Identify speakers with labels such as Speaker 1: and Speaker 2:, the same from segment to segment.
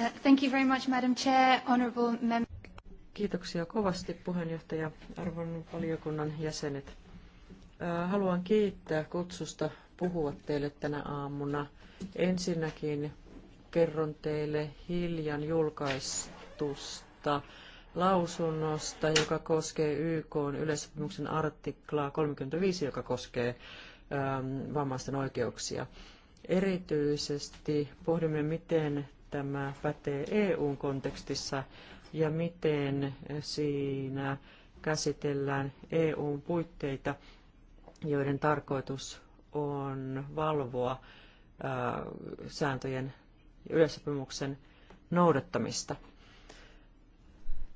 Speaker 1: Uh, thank you very much, Madam Chair, honorable
Speaker 2: Kiitoksia kovasti puheenjohtaja, arvon valiokunnan jäsenet. Uh, haluan kiittää kutsusta puhua teille tänä aamuna. Ensinnäkin kerron teille hiljan julkaistusta lausunnosta, joka koskee YK yleissopimuksen artiklaa 35, joka koskee um, vammaisten oikeuksia. Erityisesti pohdimme, miten tämä pätee EUn kontekstissa ja miten siinä käsitellään EUn puitteita, joiden tarkoitus on valvoa sääntöjen ja yleissopimuksen noudattamista.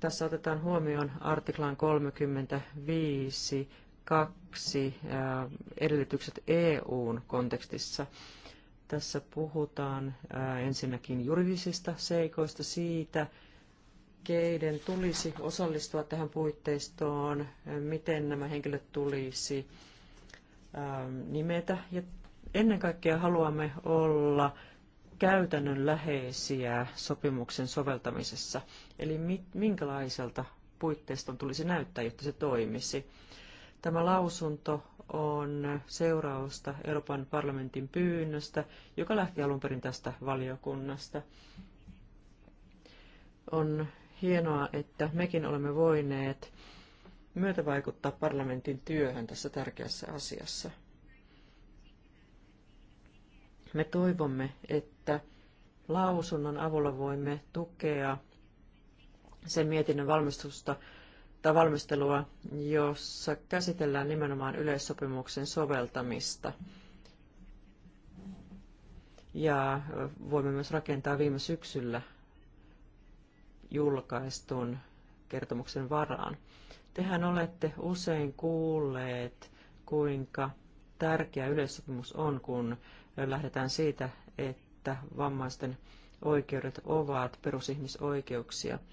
Speaker 2: Tässä otetaan huomioon artiklan 35:2 kaksi edellytykset EUn kontekstissa – tässä puhutaan ensinnäkin juridisista seikoista siitä, keiden tulisi osallistua tähän puitteistoon, miten nämä henkilöt tulisi nimetä. Ja ennen kaikkea haluamme olla käytännönläheisiä sopimuksen soveltamisessa, eli minkälaiselta puitteiston tulisi näyttää, jotta se toimisi. Tämä lausunto on seurausta Euroopan parlamentin pyynnöstä, joka lähti alun perin tästä valiokunnasta. On hienoa, että mekin olemme voineet myötävaikuttaa parlamentin työhön tässä tärkeässä asiassa. Me toivomme, että lausunnon avulla voimme tukea sen mietinnön valmistusta, tai valmistelua, jossa käsitellään nimenomaan yleissopimuksen soveltamista. Ja voimme myös rakentaa viime syksyllä julkaistun kertomuksen varaan. Tehän olette usein kuulleet, kuinka tärkeä yleissopimus on, kun lähdetään siitä, että vammaisten oikeudet ovat perusihmisoikeuksia –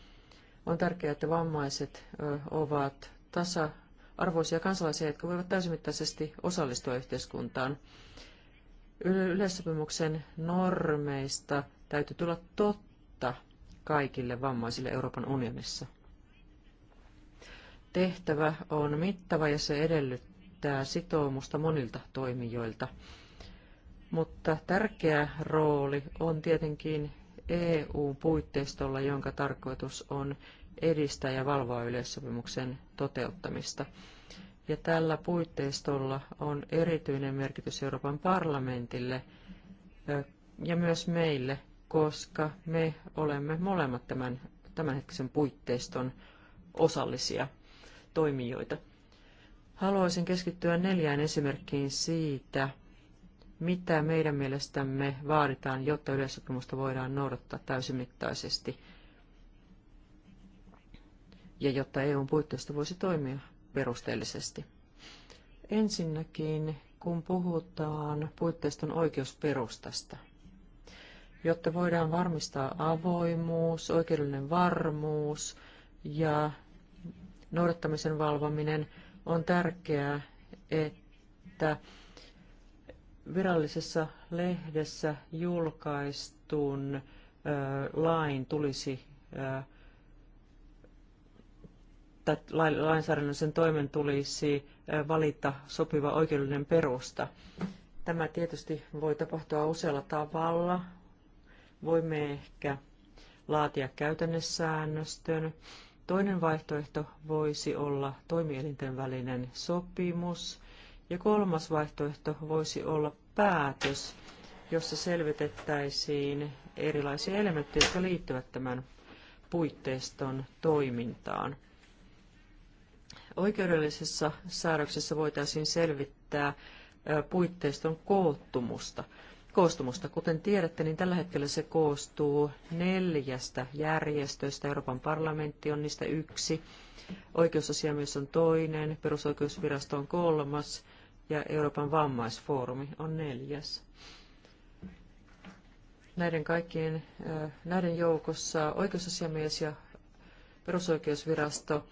Speaker 2: on tärkeää, että vammaiset ovat tasa-arvoisia kansalaisia, jotka voivat täysimittaisesti osallistua yhteiskuntaan. Yleissopimuksen normeista täytyy tulla totta kaikille vammaisille Euroopan unionissa. Tehtävä on mittava ja se edellyttää sitoumusta monilta toimijoilta. Mutta tärkeä rooli on tietenkin EU-puitteistolla, jonka tarkoitus on edistää ja valvoa yleissopimuksen toteuttamista. Ja tällä puitteistolla on erityinen merkitys Euroopan parlamentille ja myös meille, koska me olemme molemmat tämän tämänhetkisen puitteiston osallisia toimijoita. Haluaisin keskittyä neljään esimerkkiin siitä, mitä meidän mielestämme vaaditaan, jotta yleissopimusta voidaan noudattaa täysimittaisesti ja jotta EUn puitteista voisi toimia perusteellisesti. Ensinnäkin, kun puhutaan puitteiston oikeusperustasta, jotta voidaan varmistaa avoimuus, oikeudellinen varmuus ja noudattamisen valvominen, on tärkeää, että virallisessa lehdessä julkaistun ö, lain tulisi ö, tai lainsäädännöllisen toimen tulisi valita sopiva oikeudellinen perusta. Tämä tietysti voi tapahtua usealla tavalla. Voimme ehkä laatia käytännössäännöstön. Toinen vaihtoehto voisi olla toimielinten välinen sopimus – ja kolmas vaihtoehto voisi olla päätös, jossa selvitettäisiin erilaisia elementtejä, jotka liittyvät tämän puitteiston toimintaan. Oikeudellisessa säädöksessä voitaisiin selvittää puitteiston koottumusta. Koostumusta, kuten tiedätte, niin tällä hetkellä se koostuu neljästä järjestöstä. Euroopan parlamentti on niistä yksi, oikeusasiamies on toinen, perusoikeusvirasto on kolmas, ja Euroopan vammaisfoorumi on neljäs. Näiden kaikkien, näiden joukossa oikeusasiamies ja perusoikeusvirasto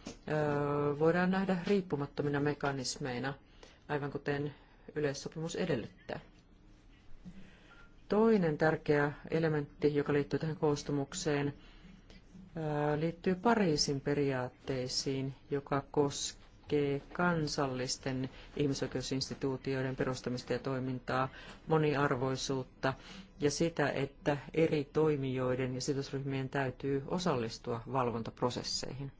Speaker 2: voidaan nähdä riippumattomina mekanismeina, aivan kuten yleissopimus edellyttää. Toinen tärkeä elementti, joka liittyy tähän koostumukseen, liittyy Pariisin periaatteisiin, joka koskee koskee kansallisten ihmisoikeusinstituutioiden perustamista ja toimintaa, moniarvoisuutta ja sitä, että eri toimijoiden ja sidosryhmien täytyy osallistua valvontaprosesseihin.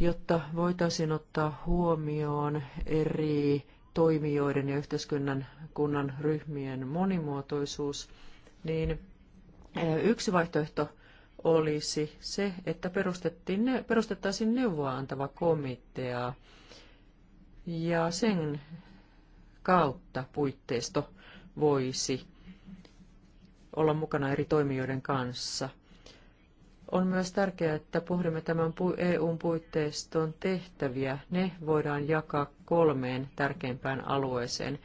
Speaker 2: Jotta voitaisiin ottaa huomioon eri toimijoiden ja yhteiskunnan kunnan ryhmien monimuotoisuus, niin yksi vaihtoehto olisi se, että perustettiin, perustettaisiin neuvoa antava komitea ja sen kautta puitteisto voisi olla mukana eri toimijoiden kanssa. On myös tärkeää, että pohdimme tämän eu puitteiston tehtäviä. Ne voidaan jakaa kolmeen tärkeimpään alueeseen.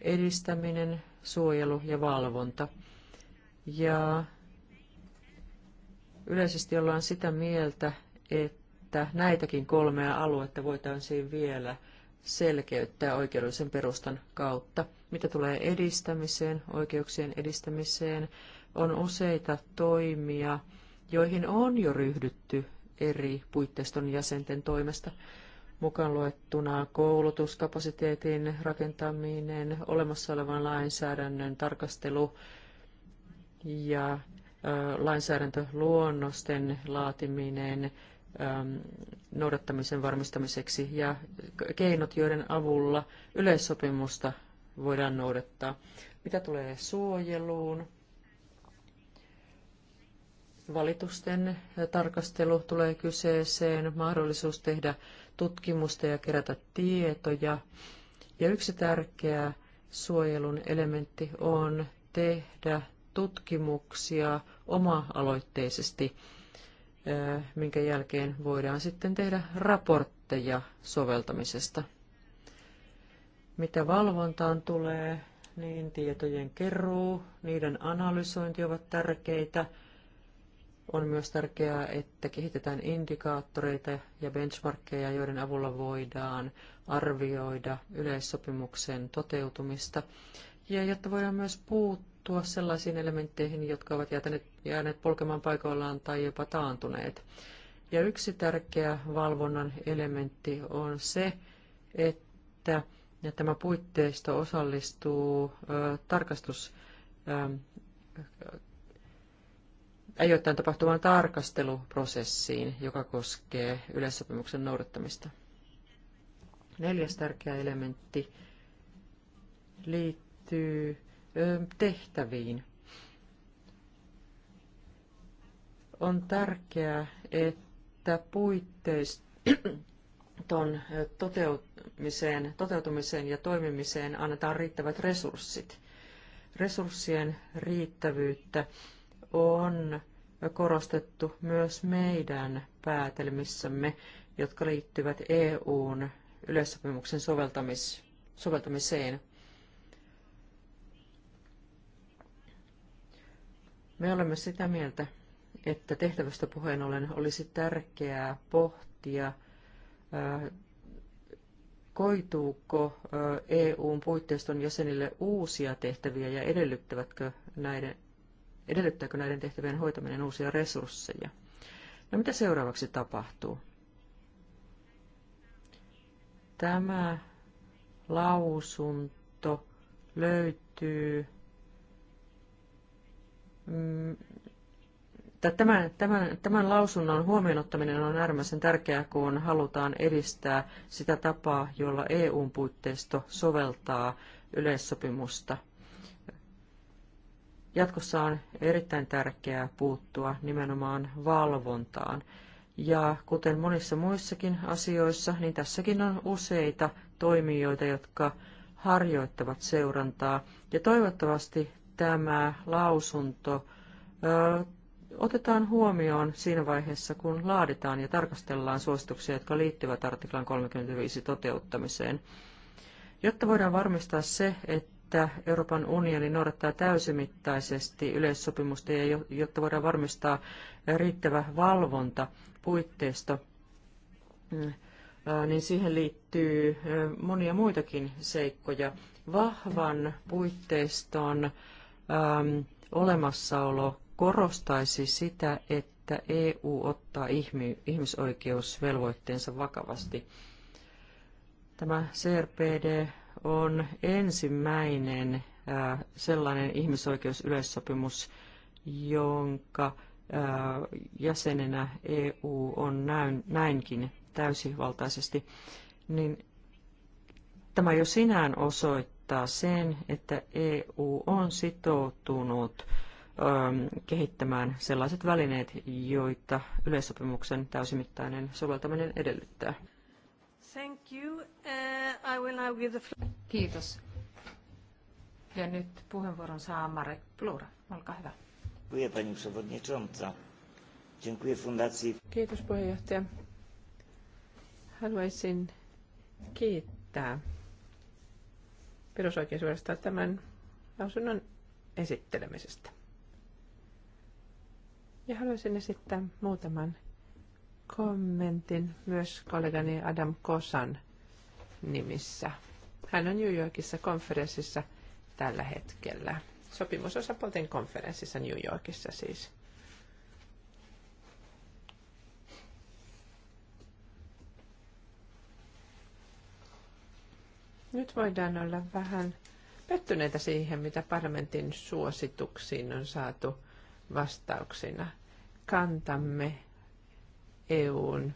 Speaker 2: Edistäminen, suojelu ja valvonta. Ja Yleisesti ollaan sitä mieltä, että näitäkin kolmea aluetta voitaisiin vielä selkeyttää oikeudellisen perustan kautta. Mitä tulee edistämiseen, oikeuksien edistämiseen, on useita toimia, joihin on jo ryhdytty eri puitteiston jäsenten toimesta, mukaan luettuna koulutuskapasiteetin rakentaminen, olemassa olevan lainsäädännön tarkastelu ja lainsäädäntöluonnosten laatiminen noudattamisen varmistamiseksi ja keinot, joiden avulla yleissopimusta voidaan noudattaa. Mitä tulee suojeluun, valitusten tarkastelu tulee kyseeseen, mahdollisuus tehdä tutkimusta ja kerätä tietoja. Ja yksi tärkeä suojelun elementti on tehdä tutkimuksia oma-aloitteisesti, minkä jälkeen voidaan sitten tehdä raportteja soveltamisesta. Mitä valvontaan tulee, niin tietojen keruu, niiden analysointi ovat tärkeitä. On myös tärkeää, että kehitetään indikaattoreita ja benchmarkkeja, joiden avulla voidaan arvioida yleissopimuksen toteutumista. Ja jotta voidaan myös puuttua puuttua sellaisiin elementteihin, jotka ovat jääneet, jääneet polkemaan paikoillaan tai jopa taantuneet. Ja yksi tärkeä valvonnan elementti on se, että tämä puitteisto osallistuu ö, tarkastus ei ajoittain tapahtuvaan tarkasteluprosessiin, joka koskee yleissopimuksen noudattamista. Neljäs tärkeä elementti liittyy tehtäviin. On tärkeää, että puitteiston toteutumiseen, toteutumiseen ja toimimiseen annetaan riittävät resurssit. Resurssien riittävyyttä on korostettu myös meidän päätelmissämme, jotka liittyvät EUn yleissopimuksen soveltamis, soveltamiseen. Me olemme sitä mieltä, että tehtävästä puheen ollen olisi tärkeää pohtia, äh, koituuko äh, EUn puitteiston jäsenille uusia tehtäviä ja edellyttävätkö näiden, edellyttääkö näiden tehtävien hoitaminen uusia resursseja. No mitä seuraavaksi tapahtuu? Tämä lausunto löytyy Mm, tämän, tämän, tämän lausunnon huomioonottaminen on äärimmäisen tärkeää, kun halutaan edistää sitä tapaa, jolla eu puitteisto soveltaa yleissopimusta. Jatkossa on erittäin tärkeää puuttua nimenomaan valvontaan. Ja kuten monissa muissakin asioissa, niin tässäkin on useita toimijoita, jotka harjoittavat seurantaa. Ja toivottavasti tämä lausunto otetaan huomioon siinä vaiheessa, kun laaditaan ja tarkastellaan suosituksia, jotka liittyvät artiklan 35 toteuttamiseen. Jotta voidaan varmistaa se, että Euroopan unioni noudattaa täysimittaisesti yleissopimusta ja jotta voidaan varmistaa riittävä valvonta, puitteisto, mm, niin siihen liittyy monia muitakin seikkoja. Vahvan puitteiston Ähm, olemassaolo korostaisi sitä, että EU ottaa ihmisoikeusvelvoitteensa vakavasti. Tämä CRPD on ensimmäinen äh, sellainen ihmisoikeusyleissopimus, jonka äh, jäsenenä EU on näin, näinkin täysivaltaisesti, niin tämä jo sinään osoittaa, osoittaa sen, että EU on sitoutunut ähm, kehittämään sellaiset välineet, joita yleissopimuksen täysimittainen soveltaminen edellyttää.
Speaker 1: Thank you. Uh, I will now give the floor. Kiitos. Ja nyt puheenvuoron saa Marek Plura. Olkaa hyvä.
Speaker 3: Kiitos puheenjohtaja. Haluaisin kiittää perusoikeusvirastoa tämän lausunnon esittelemisestä. Ja haluaisin esittää muutaman kommentin myös kollegani Adam Kosan nimissä. Hän on New Yorkissa konferenssissa tällä hetkellä. Sopimusosapuolten konferenssissa New Yorkissa siis. Nyt voidaan olla vähän pettyneitä siihen, mitä parlamentin suosituksiin on saatu vastauksina. Kantamme EUn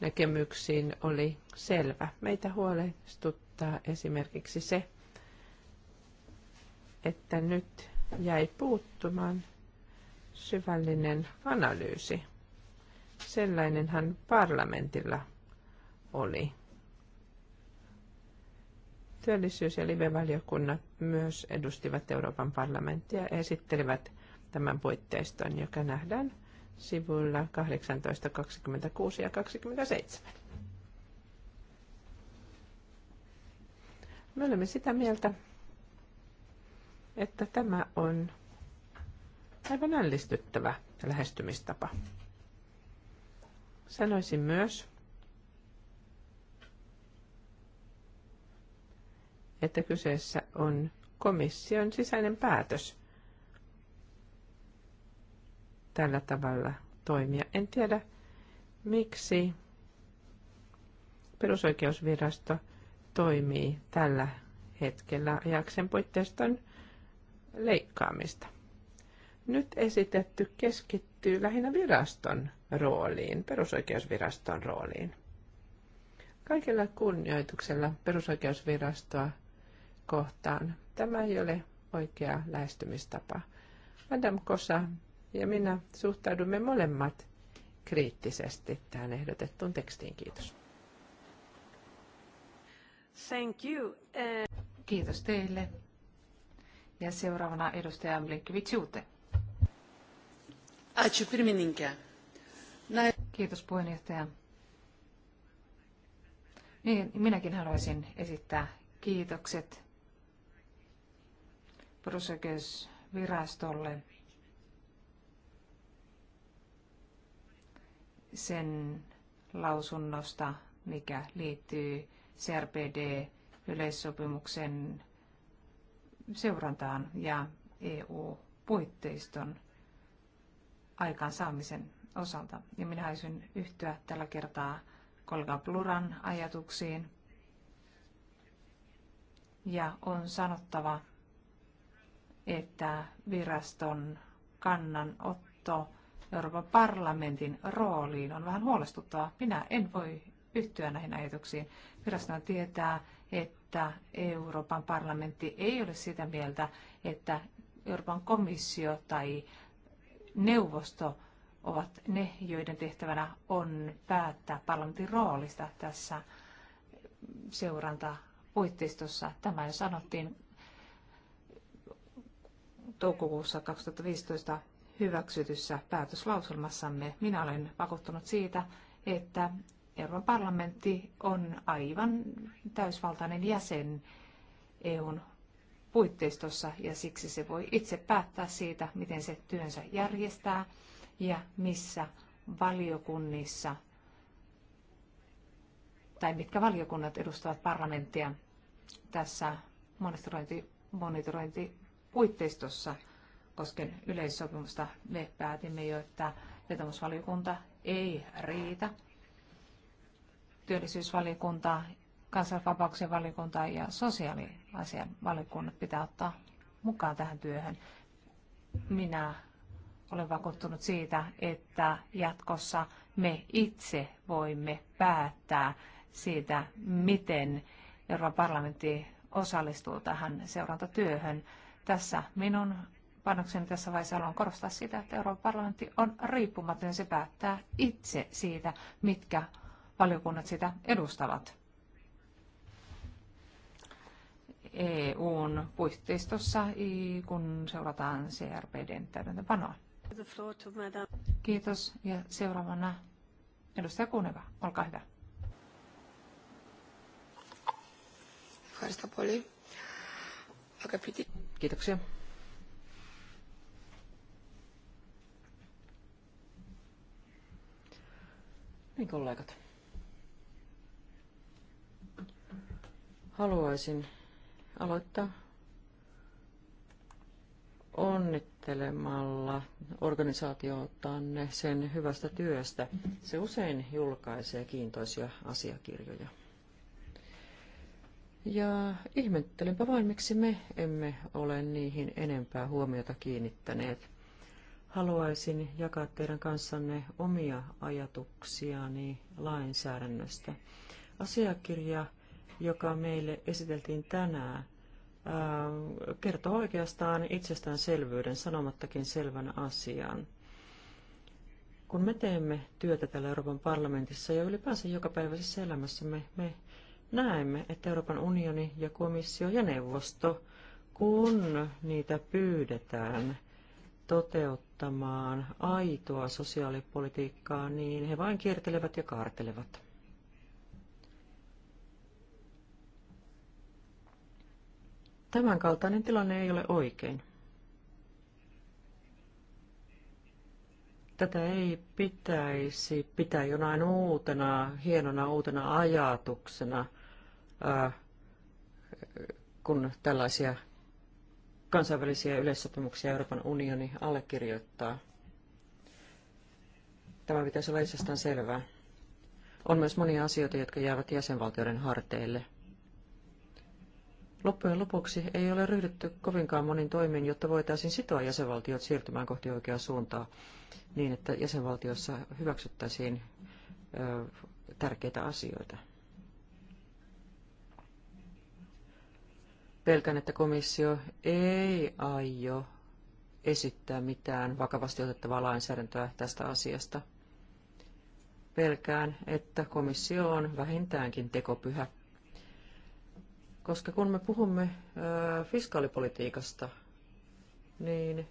Speaker 3: näkemyksiin oli selvä. Meitä huolestuttaa esimerkiksi se, että nyt jäi puuttumaan syvällinen analyysi. Sellainenhan parlamentilla oli. Työllisyys- ja live-valiokunnat myös edustivat Euroopan parlamenttia ja esittelivät tämän puitteiston, joka nähdään sivuilla 18, 26 ja 27. Me olemme sitä mieltä, että tämä on aivan ällistyttävä lähestymistapa. Sanoisin myös, että kyseessä on komission sisäinen päätös tällä tavalla toimia. En tiedä, miksi perusoikeusvirasto toimii tällä hetkellä ajaksen puitteiston leikkaamista. Nyt esitetty keskittyy lähinnä viraston rooliin, perusoikeusviraston rooliin. Kaikella kunnioituksella perusoikeusvirastoa kohtaan. Tämä ei ole oikea lähestymistapa. Madame Kosa ja minä suhtaudumme molemmat kriittisesti tähän ehdotettuun tekstiin. Kiitos.
Speaker 1: Thank you. Eh. Kiitos teille. Ja seuraavana edustaja Blinkevičiute. Ačiū Kiitos puheenjohtaja. Niin, minäkin haluaisin esittää kiitokset Prosekes-virastolle sen lausunnosta, mikä liittyy CRPD-yleissopimuksen seurantaan ja EU-puitteiston aikaansaamisen osalta. Ja minä haluaisin yhtyä tällä kertaa kollega Pluran ajatuksiin. Ja on sanottava, että viraston kannanotto Euroopan parlamentin rooliin on vähän huolestuttavaa. Minä en voi yhtyä näihin ajatuksiin. Virasto tietää, että Euroopan parlamentti ei ole sitä mieltä, että Euroopan komissio tai neuvosto ovat ne, joiden tehtävänä on päättää parlamentin roolista tässä seurantapuitteistossa. Tämä jo sanottiin toukokuussa 2015 hyväksytyssä päätöslauselmassamme. Minä olen vakuuttunut siitä, että Euroopan parlamentti on aivan täysvaltainen jäsen EUn puitteistossa ja siksi se voi itse päättää siitä, miten se työnsä järjestää ja missä valiokunnissa tai mitkä valiokunnat edustavat parlamenttia tässä monitorointi, monitorointi puitteistossa kosken yleissopimusta. Me päätimme jo, että vetomusvaliokunta ei riitä. Työllisyysvaliokunta, kansanvapauksien valiokunta ja sosiaaliasian valiokunnat pitää ottaa mukaan tähän työhön. Minä olen vakuuttunut siitä, että jatkossa me itse voimme päättää siitä, miten Euroopan parlamentti osallistuu tähän seurantatyöhön. Tässä minun panokseni tässä vaiheessa haluan korostaa sitä, että Euroopan parlamentti on riippumaton se päättää itse siitä, mitkä valiokunnat sitä edustavat. EUn puitteistossa, kun seurataan CRPDn täydentöpanoa. Kiitos ja seuraavana edustaja Kuneva, olkaa hyvä. Ευχαριστώ πολύ. piti. Kiitoksia.
Speaker 2: Niin kollegat. Haluaisin aloittaa onnittelemalla organisaatiotanne sen hyvästä työstä. Se usein julkaisee kiintoisia asiakirjoja. Ja ihmettelenpä vain, miksi me emme ole niihin enempää huomiota kiinnittäneet. Haluaisin jakaa teidän kanssanne omia ajatuksiani lainsäädännöstä. Asiakirja, joka meille esiteltiin tänään, äh, kertoo oikeastaan itsestäänselvyyden sanomattakin selvän asian. Kun me teemme työtä täällä Euroopan parlamentissa ja ylipäänsä jokapäiväisessä elämässämme, me näemme, että Euroopan unioni ja komissio ja neuvosto, kun niitä pyydetään toteuttamaan aitoa sosiaalipolitiikkaa, niin he vain kiertelevät ja kaartelevat. Tämänkaltainen tilanne ei ole oikein. Tätä ei pitäisi pitää jonain uutena, hienona uutena ajatuksena – kun tällaisia kansainvälisiä yleissopimuksia Euroopan unioni allekirjoittaa. Tämä pitäisi olla itsestään selvää. On myös monia asioita, jotka jäävät jäsenvaltioiden harteille. Loppujen lopuksi ei ole ryhdytty kovinkaan monin toimiin, jotta voitaisiin sitoa jäsenvaltiot siirtymään kohti oikeaa suuntaa niin, että jäsenvaltiossa hyväksyttäisiin ö, tärkeitä asioita. Pelkän, että komissio ei aio esittää mitään vakavasti otettavaa lainsäädäntöä tästä asiasta. Pelkään, että komissio on vähintäänkin tekopyhä. Koska kun me puhumme fiskaalipolitiikasta, niin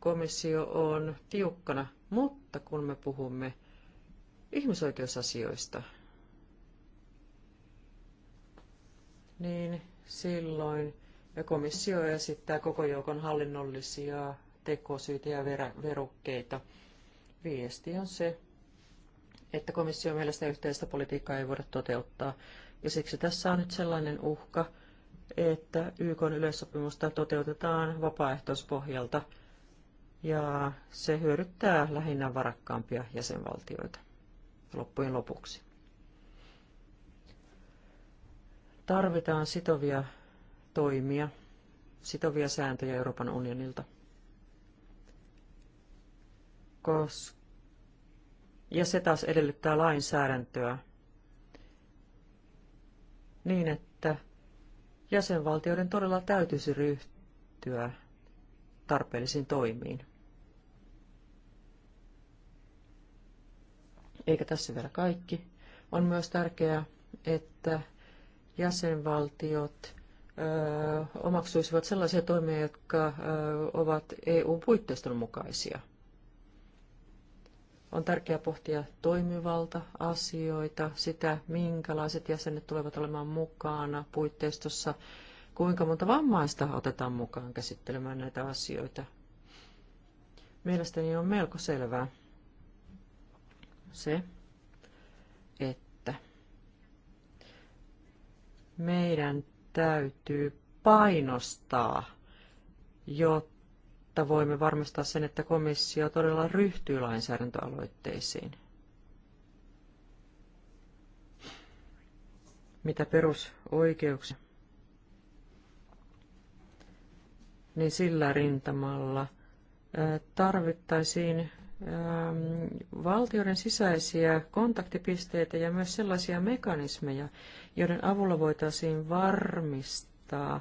Speaker 2: komissio on tiukkana, mutta kun me puhumme ihmisoikeusasioista, niin silloin komissio esittää koko joukon hallinnollisia tekosyitä ja verukkeita. Viesti on se, että komissio mielestä yhteistä politiikkaa ei voida toteuttaa. Ja siksi tässä on nyt sellainen uhka, että YK yleissopimusta toteutetaan vapaaehtoispohjalta ja se hyödyttää lähinnä varakkaampia jäsenvaltioita loppujen lopuksi. Tarvitaan sitovia toimia, sitovia sääntöjä Euroopan unionilta. Kos... Ja se taas edellyttää lainsäädäntöä niin, että jäsenvaltioiden todella täytyisi ryhtyä tarpeellisiin toimiin. Eikä tässä vielä kaikki. On myös tärkeää, että jäsenvaltiot omaksuisivat sellaisia toimia, jotka ovat EU-puitteiston mukaisia. On tärkeää pohtia toimivalta-asioita, sitä, minkälaiset jäsenet tulevat olemaan mukana puitteistossa, kuinka monta vammaista otetaan mukaan käsittelemään näitä asioita. Mielestäni on melko selvää se, että meidän täytyy painostaa, jotta voimme varmistaa sen, että komissio todella ryhtyy lainsäädäntöaloitteisiin. Mitä perusoikeuksia? Niin sillä rintamalla tarvittaisiin Ähm, valtioiden sisäisiä kontaktipisteitä ja myös sellaisia mekanismeja, joiden avulla voitaisiin varmistaa,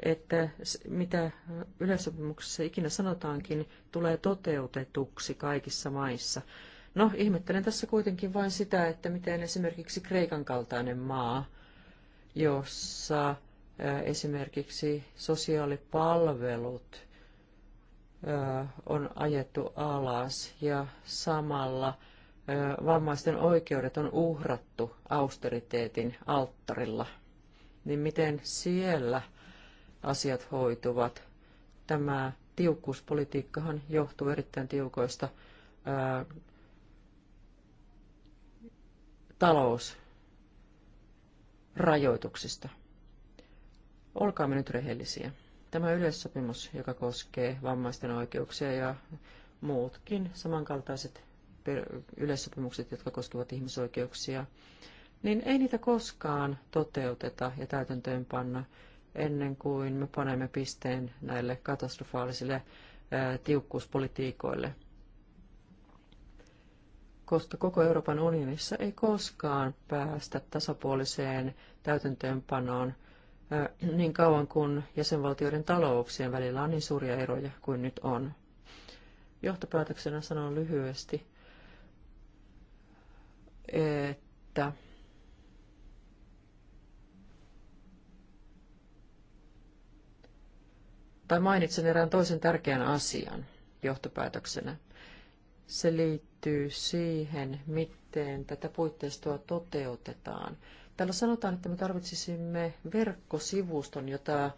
Speaker 2: että mitä yleissopimuksessa ikinä sanotaankin, tulee toteutetuksi kaikissa maissa. No, ihmettelen tässä kuitenkin vain sitä, että miten esimerkiksi Kreikan kaltainen maa, jossa äh, esimerkiksi sosiaalipalvelut on ajettu alas ja samalla vammaisten oikeudet on uhrattu austeriteetin alttarilla, niin miten siellä asiat hoituvat? Tämä tiukkuuspolitiikkahan johtuu erittäin tiukoista talousrajoituksista. Olkaamme nyt rehellisiä. Tämä yleissopimus, joka koskee vammaisten oikeuksia ja muutkin samankaltaiset yleissopimukset, jotka koskevat ihmisoikeuksia, niin ei niitä koskaan toteuteta ja täytäntöönpanna ennen kuin me panemme pisteen näille katastrofaalisille tiukkuuspolitiikoille. Koska koko Euroopan unionissa ei koskaan päästä tasapuoliseen täytäntöönpanoon niin kauan kuin jäsenvaltioiden talouksien välillä on niin suuria eroja kuin nyt on. Johtopäätöksenä sanon lyhyesti, että tai mainitsen erään toisen tärkeän asian johtopäätöksenä. Se liittyy siihen, miten tätä puitteistoa toteutetaan. Täällä sanotaan, että me tarvitsisimme verkkosivuston, jota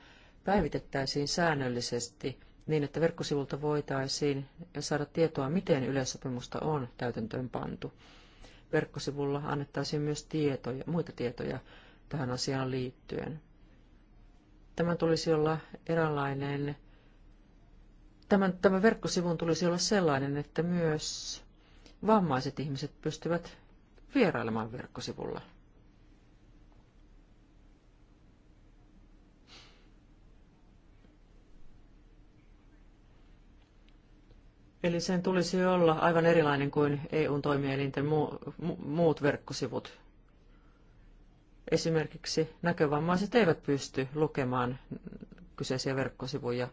Speaker 2: päivitettäisiin säännöllisesti niin, että verkkosivulta voitaisiin saada tietoa, miten yleissopimusta on täytäntöön pantu. Verkkosivulla annettaisiin myös tietoja, muita tietoja tähän asiaan liittyen. Tämän tulisi olla eräänlainen, tämän, tämän verkkosivun tulisi olla sellainen, että myös vammaiset ihmiset pystyvät vierailemaan verkkosivulla. Eli sen tulisi olla aivan erilainen kuin EUn toimielinten muut verkkosivut. Esimerkiksi näkövammaiset eivät pysty lukemaan kyseisiä verkkosivuja.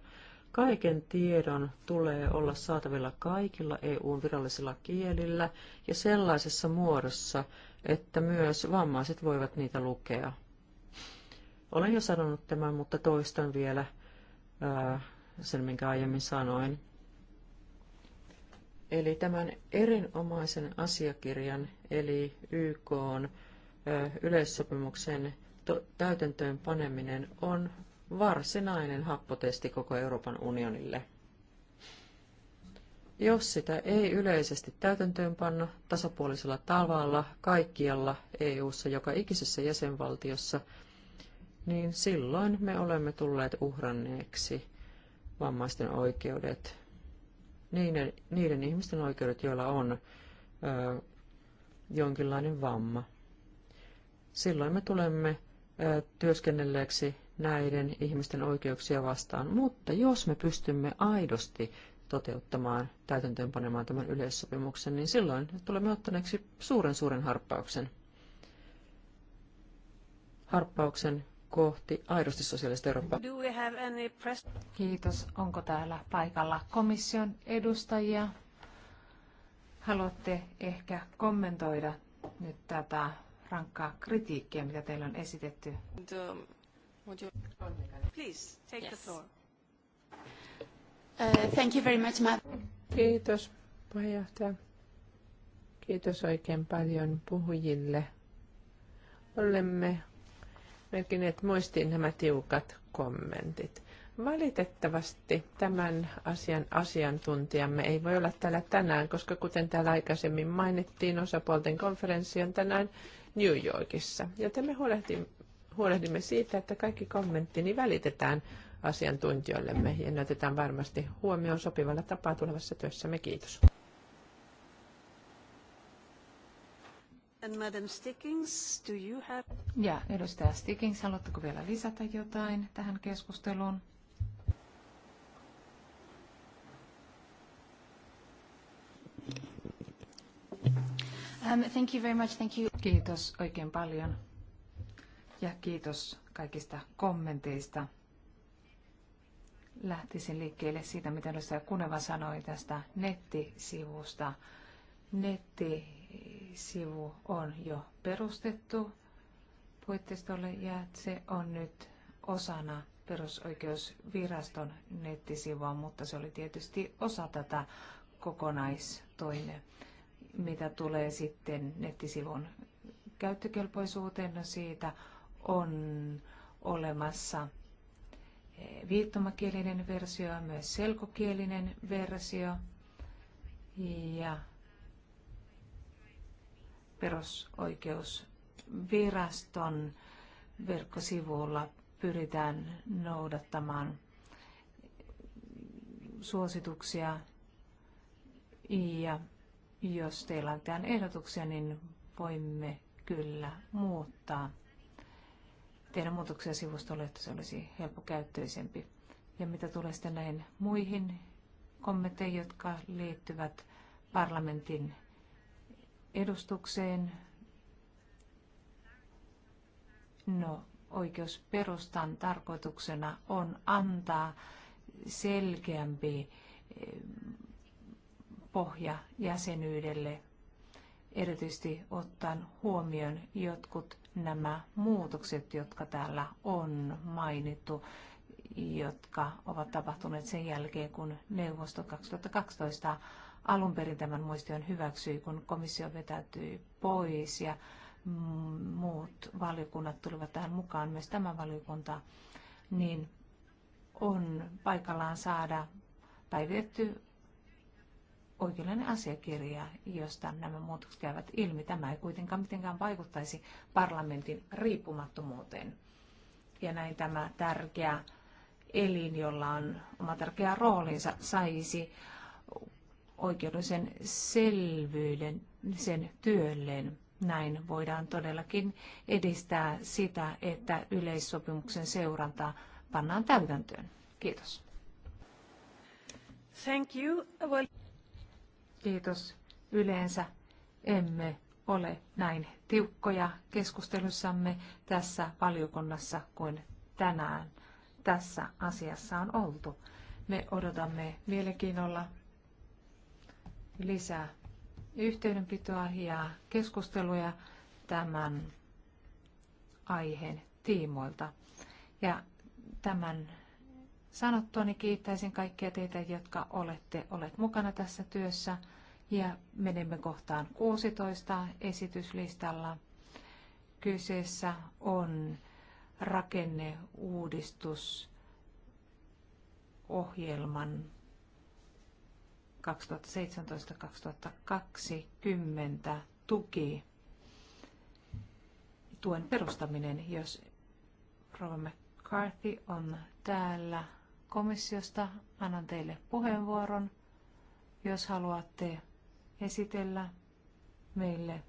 Speaker 2: Kaiken tiedon tulee olla saatavilla kaikilla EUn virallisilla kielillä ja sellaisessa muodossa, että myös vammaiset voivat niitä lukea. Olen jo sanonut tämän, mutta toistan vielä ää, sen, minkä aiemmin sanoin. Eli tämän erinomaisen asiakirjan, eli YK yleissopimuksen täytäntöön paneminen on varsinainen happotesti koko Euroopan unionille. Jos sitä ei yleisesti täytäntöönpanna tasapuolisella tavalla kaikkialla EU:ssa, joka ikisessä jäsenvaltiossa, niin silloin me olemme tulleet uhranneeksi vammaisten oikeudet, niiden, niiden ihmisten oikeudet, joilla on ö, jonkinlainen vamma. Silloin me tulemme ö, työskennelleeksi näiden ihmisten oikeuksia vastaan, mutta jos me pystymme aidosti toteuttamaan, täytäntöönpanemaan tämän yleissopimuksen, niin silloin tulemme ottaneeksi suuren suuren harppauksen. Harppauksen, kohti aidosti sosiaalista Eurooppaa.
Speaker 1: Kiitos. Onko täällä paikalla komission edustajia? Haluatte ehkä kommentoida nyt tätä rankkaa kritiikkiä, mitä teillä on esitetty?
Speaker 3: Please, take the floor.
Speaker 1: Uh,
Speaker 3: thank you very much, Kiitos, puheenjohtaja. Kiitos oikein paljon puhujille. Olemme merkineet muistiin nämä tiukat kommentit. Valitettavasti tämän asian asiantuntijamme ei voi olla täällä tänään, koska kuten täällä aikaisemmin mainittiin, osapuolten konferenssi on tänään New Yorkissa. Joten me huolehdimme, huolehdimme siitä, että kaikki kommenttini välitetään asiantuntijoillemme ja ne otetaan varmasti huomioon sopivalla tapaa tulevassa työssämme. Kiitos.
Speaker 1: Madam Stickings, do you have... Ja edustaja Stickings, haluatteko vielä lisätä jotain tähän keskusteluun? Um, thank you very much, thank you. Kiitos oikein paljon ja kiitos kaikista kommenteista. Lähtisin liikkeelle siitä, mitä edustaja Kuneva sanoi tästä nettisivusta. Netti sivu on jo perustettu puitteistolle ja se on nyt osana perusoikeusviraston nettisivua, mutta se oli tietysti osa tätä kokonaistoimea. Mitä tulee sitten nettisivun käyttökelpoisuuteen, no siitä on olemassa eh, viittomakielinen versio ja myös selkokielinen versio. Ja perusoikeusviraston verkkosivuilla pyritään noudattamaan suosituksia ja jos teillä on tämän ehdotuksia, niin voimme kyllä muuttaa tehdä muutoksia sivustolle, että se olisi helppokäyttöisempi. Ja mitä tulee sitten näihin muihin kommentteihin, jotka liittyvät parlamentin edustukseen. No, oikeusperustan tarkoituksena on antaa selkeämpi eh, pohja jäsenyydelle, erityisesti ottaen huomioon jotkut nämä muutokset, jotka täällä on mainittu, jotka ovat tapahtuneet sen jälkeen, kun neuvosto 2012 alun perin tämän muistion hyväksyi, kun komissio vetäytyi pois ja mm, muut valiokunnat tulivat tähän mukaan, myös tämä valiokunta, niin on paikallaan saada päivitetty oikeudellinen asiakirja, josta nämä muutokset käyvät ilmi. Tämä ei kuitenkaan mitenkään vaikuttaisi parlamentin riippumattomuuteen. Ja näin tämä tärkeä elin, jolla on oma tärkeä roolinsa, saisi oikeudellisen selvyyden sen työlleen. Näin voidaan todellakin edistää sitä, että yleissopimuksen seurantaa pannaan täytäntöön. Kiitos. Thank you. Well... Kiitos. Yleensä emme ole näin tiukkoja keskustelussamme tässä valiokunnassa kuin tänään tässä asiassa on oltu. Me odotamme mielenkiinnolla lisää yhteydenpitoa ja keskusteluja tämän aiheen tiimoilta. Ja tämän sanottuani kiittäisin kaikkia teitä, jotka olette olleet mukana tässä työssä. Ja menemme kohtaan 16 esityslistalla. Kyseessä on rakenneuudistusohjelman 2017-2020 tuki, tuen perustaminen, jos Rova McCarthy on täällä komissiosta. Annan teille puheenvuoron, jos haluatte esitellä meille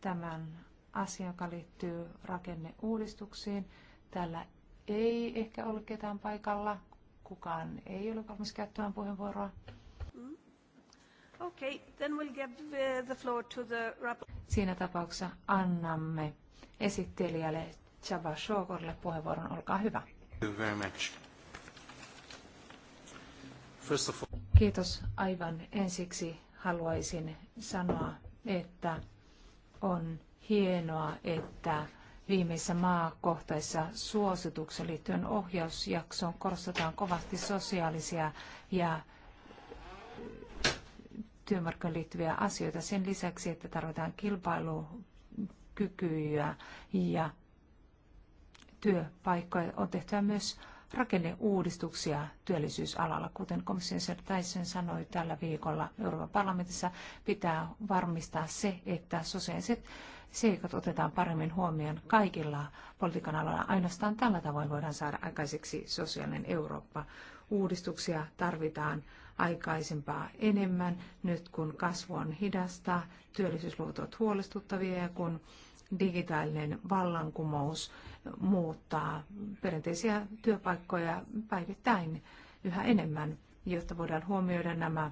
Speaker 1: tämän asian, joka liittyy rakenneuudistuksiin. Täällä ei ehkä ole ketään paikalla. Kukaan ei ole valmis käyttämään puheenvuoroa. Mm-hmm. Okay, then we'll give uh, the floor to the Siinä tapauksessa annamme esittelijälle Chava Shokorille puheenvuoron. Olkaa hyvä.
Speaker 3: very much. First
Speaker 1: of all... Kiitos. Aivan ensiksi haluaisin sanoa, että on hienoa, että viimeisessä maakohtaisessa suosituksessa liittyen ohjausjaksoon korostetaan kovasti sosiaalisia ja työmarkkinoihin liittyviä asioita sen lisäksi, että tarvitaan kilpailukykyä ja työpaikkoja. On tehtävä myös rakenneuudistuksia työllisyysalalla. Kuten komission Tyson sanoi tällä viikolla Euroopan parlamentissa, pitää varmistaa se, että sosiaaliset seikat otetaan paremmin huomioon kaikilla politiikan aloilla. Ainoastaan tällä tavoin voidaan saada aikaiseksi sosiaalinen Eurooppa. Uudistuksia tarvitaan aikaisempaa enemmän. Nyt kun kasvu on hidasta, työllisyysluvut ovat huolestuttavia ja kun digitaalinen vallankumous muuttaa perinteisiä työpaikkoja päivittäin yhä enemmän, jotta voidaan huomioida nämä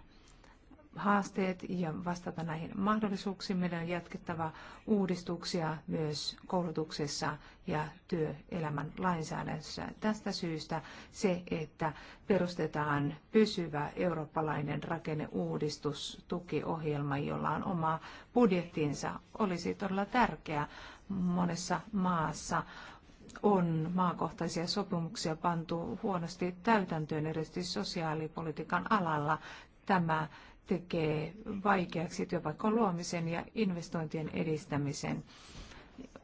Speaker 1: haasteet ja vastata näihin mahdollisuuksiin. Meidän on jatkettava uudistuksia myös koulutuksessa ja työelämän lainsäädännössä. Tästä syystä se, että perustetaan pysyvä eurooppalainen rakenneuudistustukiohjelma, jolla on oma budjettinsa, olisi todella tärkeä monessa maassa on maakohtaisia sopimuksia pantu huonosti täytäntöön, erityisesti sosiaalipolitiikan alalla. Tämä tekee vaikeaksi työpaikan luomisen ja investointien edistämisen.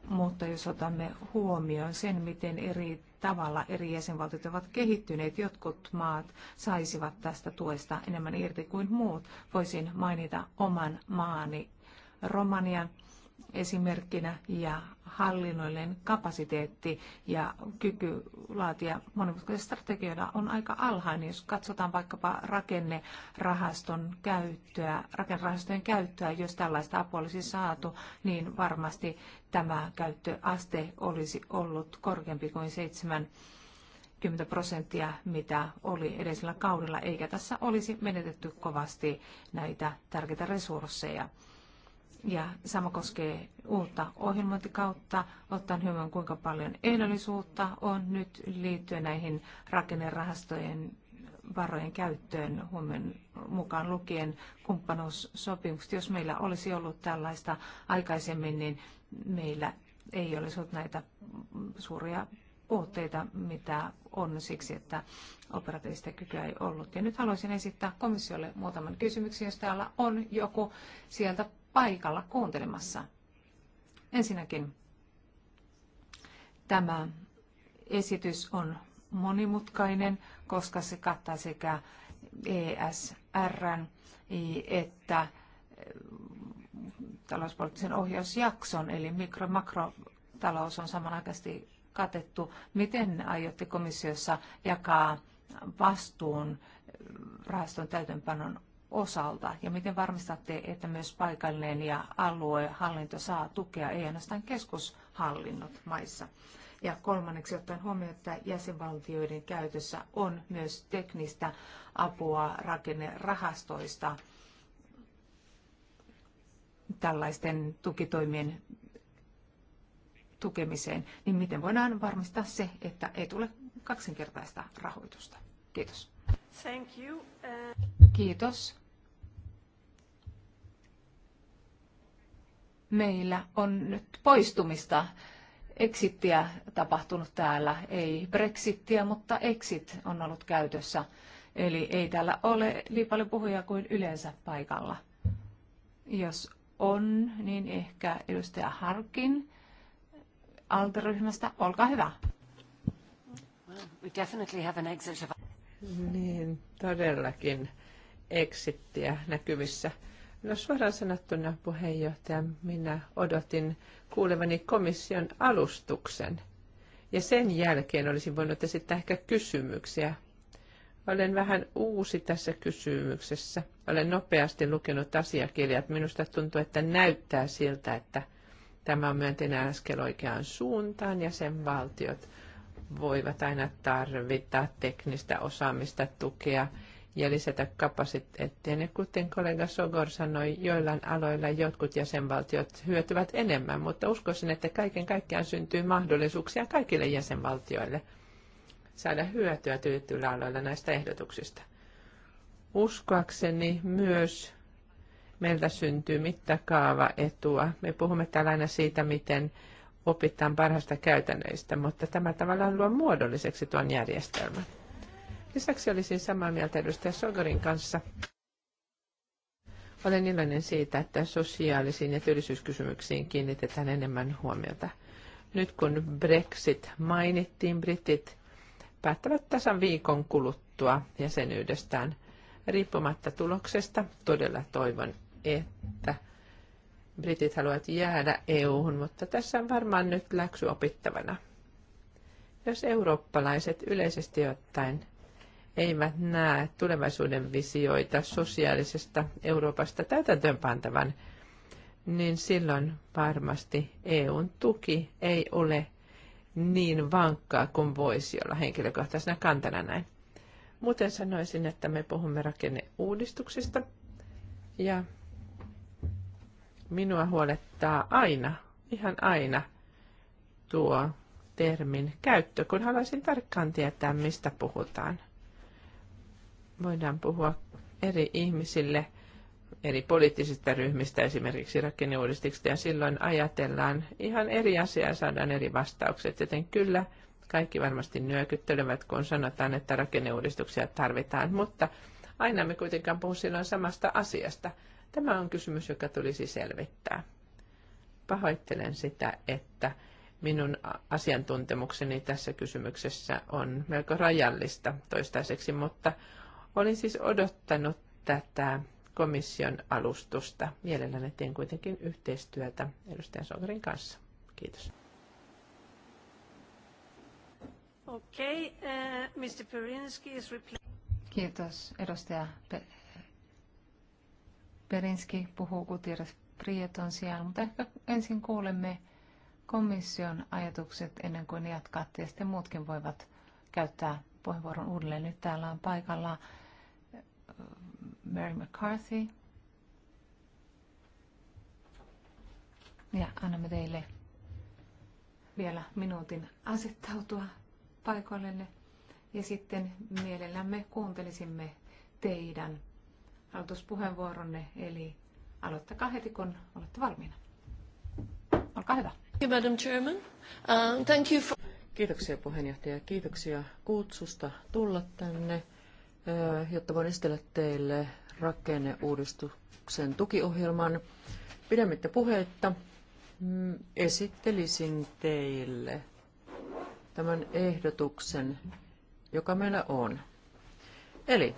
Speaker 1: Mutta jos otamme huomioon sen, miten eri tavalla eri jäsenvaltiot ovat kehittyneet, jotkut maat saisivat tästä tuesta enemmän irti kuin muut. Voisin mainita oman maani Romanian, esimerkkinä ja hallinnoillinen kapasiteetti ja kyky laatia monimutkaisia strategioita on aika alhainen. Jos katsotaan vaikkapa rakennerahaston käyttöä, rakennerahastojen käyttöä, jos tällaista apua olisi saatu, niin varmasti tämä käyttöaste olisi ollut korkeampi kuin seitsemän prosenttia, mitä oli edellisellä kaudella, eikä tässä olisi menetetty kovasti näitä tärkeitä resursseja. Ja sama koskee uutta ohjelmointikautta, ottaen huomioon kuinka paljon ehdollisuutta on nyt liittyen näihin rakennerahastojen varojen käyttöön huomioon mukaan lukien kumppanuussopimukset. Jos meillä olisi ollut tällaista aikaisemmin, niin meillä ei olisi ollut näitä suuria puutteita, mitä on siksi, että operatiivista kykyä ei ollut. Ja nyt haluaisin esittää komissiolle muutaman kysymyksen, jos täällä on joku sieltä paikalla kuuntelemassa. Ensinnäkin tämä esitys on monimutkainen, koska se kattaa sekä ESR että eh, talouspoliittisen ohjausjakson, eli mikro- ja makrotalous on samanaikaisesti katettu. Miten aiotte komissiossa jakaa vastuun eh, rahaston täytäntöpanon osalta ja miten varmistatte, että myös paikallinen ja aluehallinto saa tukea, ei ainoastaan keskushallinnot maissa. Ja kolmanneksi ottaen huomioon, että jäsenvaltioiden käytössä on myös teknistä apua rakennerahastoista tällaisten tukitoimien tukemiseen, niin miten voidaan varmistaa se, että ei tule kaksinkertaista rahoitusta? Kiitos.
Speaker 2: Thank you. Uh,
Speaker 1: Kiitos. meillä on nyt poistumista, exittiä tapahtunut täällä. Ei brexittiä, mutta exit on ollut käytössä. Eli ei täällä ole niin paljon puhujia kuin yleensä paikalla. Jos on, niin ehkä edustaja Harkin alteryhmästä, Olkaa hyvä. We definitely have an exit.
Speaker 3: Niin, todellakin exittiä näkyvissä. No suoraan sanottuna puheenjohtaja, minä odotin kuulevani komission alustuksen. Ja sen jälkeen olisin voinut esittää ehkä kysymyksiä. Olen vähän uusi tässä kysymyksessä. Olen nopeasti lukenut asiakirjat. Minusta tuntuu, että näyttää siltä, että tämä on myönteinen askel oikeaan suuntaan ja sen valtiot voivat aina tarvita teknistä osaamista, tukea ja lisätä kapasiteettia. Ja kuten kollega Sogor sanoi, joillain aloilla jotkut jäsenvaltiot hyötyvät enemmän, mutta uskoisin, että kaiken kaikkiaan syntyy mahdollisuuksia kaikille jäsenvaltioille saada hyötyä tyytyillä aloilla näistä ehdotuksista. Uskoakseni myös meiltä syntyy mittakaava etua. Me puhumme täällä aina siitä, miten opitaan parhaista käytännöistä, mutta tämä tavallaan luo muodolliseksi tuon järjestelmän. Lisäksi olisin samaa mieltä edustaja Sogorin kanssa. Olen iloinen siitä, että sosiaalisiin ja työllisyyskysymyksiin kiinnitetään enemmän huomiota. Nyt kun Brexit mainittiin, britit päättävät tasan viikon kuluttua jäsenyydestään. Riippumatta tuloksesta todella toivon, että britit haluavat jäädä EU-hun, mutta tässä on varmaan nyt läksy opittavana. Jos eurooppalaiset yleisesti ottaen eivät näe tulevaisuuden visioita sosiaalisesta Euroopasta täytäntöönpantavan, niin silloin varmasti EUn tuki ei ole niin vankkaa kuin voisi olla henkilökohtaisena kantana näin. Muuten sanoisin, että me puhumme rakenneuudistuksista ja minua huolettaa aina, ihan aina tuo termin käyttö, kun haluaisin tarkkaan tietää, mistä puhutaan voidaan puhua eri ihmisille eri poliittisista ryhmistä esimerkiksi rakenneuudistuksista ja silloin ajatellaan ihan eri asiaa ja saadaan eri vastaukset. Joten kyllä kaikki varmasti nyökyttelevät, kun sanotaan, että rakenneuudistuksia tarvitaan, mutta aina me kuitenkaan puhu silloin samasta asiasta. Tämä on kysymys, joka tulisi selvittää. Pahoittelen sitä, että minun asiantuntemukseni tässä kysymyksessä on melko rajallista toistaiseksi, mutta Olin siis odottanut tätä komission alustusta. Mielelläni teen kuitenkin yhteistyötä
Speaker 1: edustajan Sokerin kanssa. Kiitos. Okay, uh, Mr. Perinski is Kiitos. Edustaja Pe- Perinski puhuu Gutierrez Prieton sijaan, mutta ehkä ensin kuulemme komission ajatukset ennen kuin jatkatte ja sitten muutkin voivat käyttää puheenvuoron uudelleen. Nyt täällä on paikalla Mary McCarthy. Ja annamme teille vielä minuutin asettautua paikoillenne. Ja sitten mielellämme kuuntelisimme teidän aloituspuheenvuoronne, eli aloittakaa heti, kun olette valmiina.
Speaker 2: Olkaa hyvä. Madam Chairman. Um, thank you for... Kiitoksia puheenjohtaja, kiitoksia kutsusta tulla tänne jotta voin esitellä teille rakenneuudistuksen tukiohjelman. Pidemmittä puheitta mm, esittelisin teille tämän ehdotuksen, joka meillä on. Eli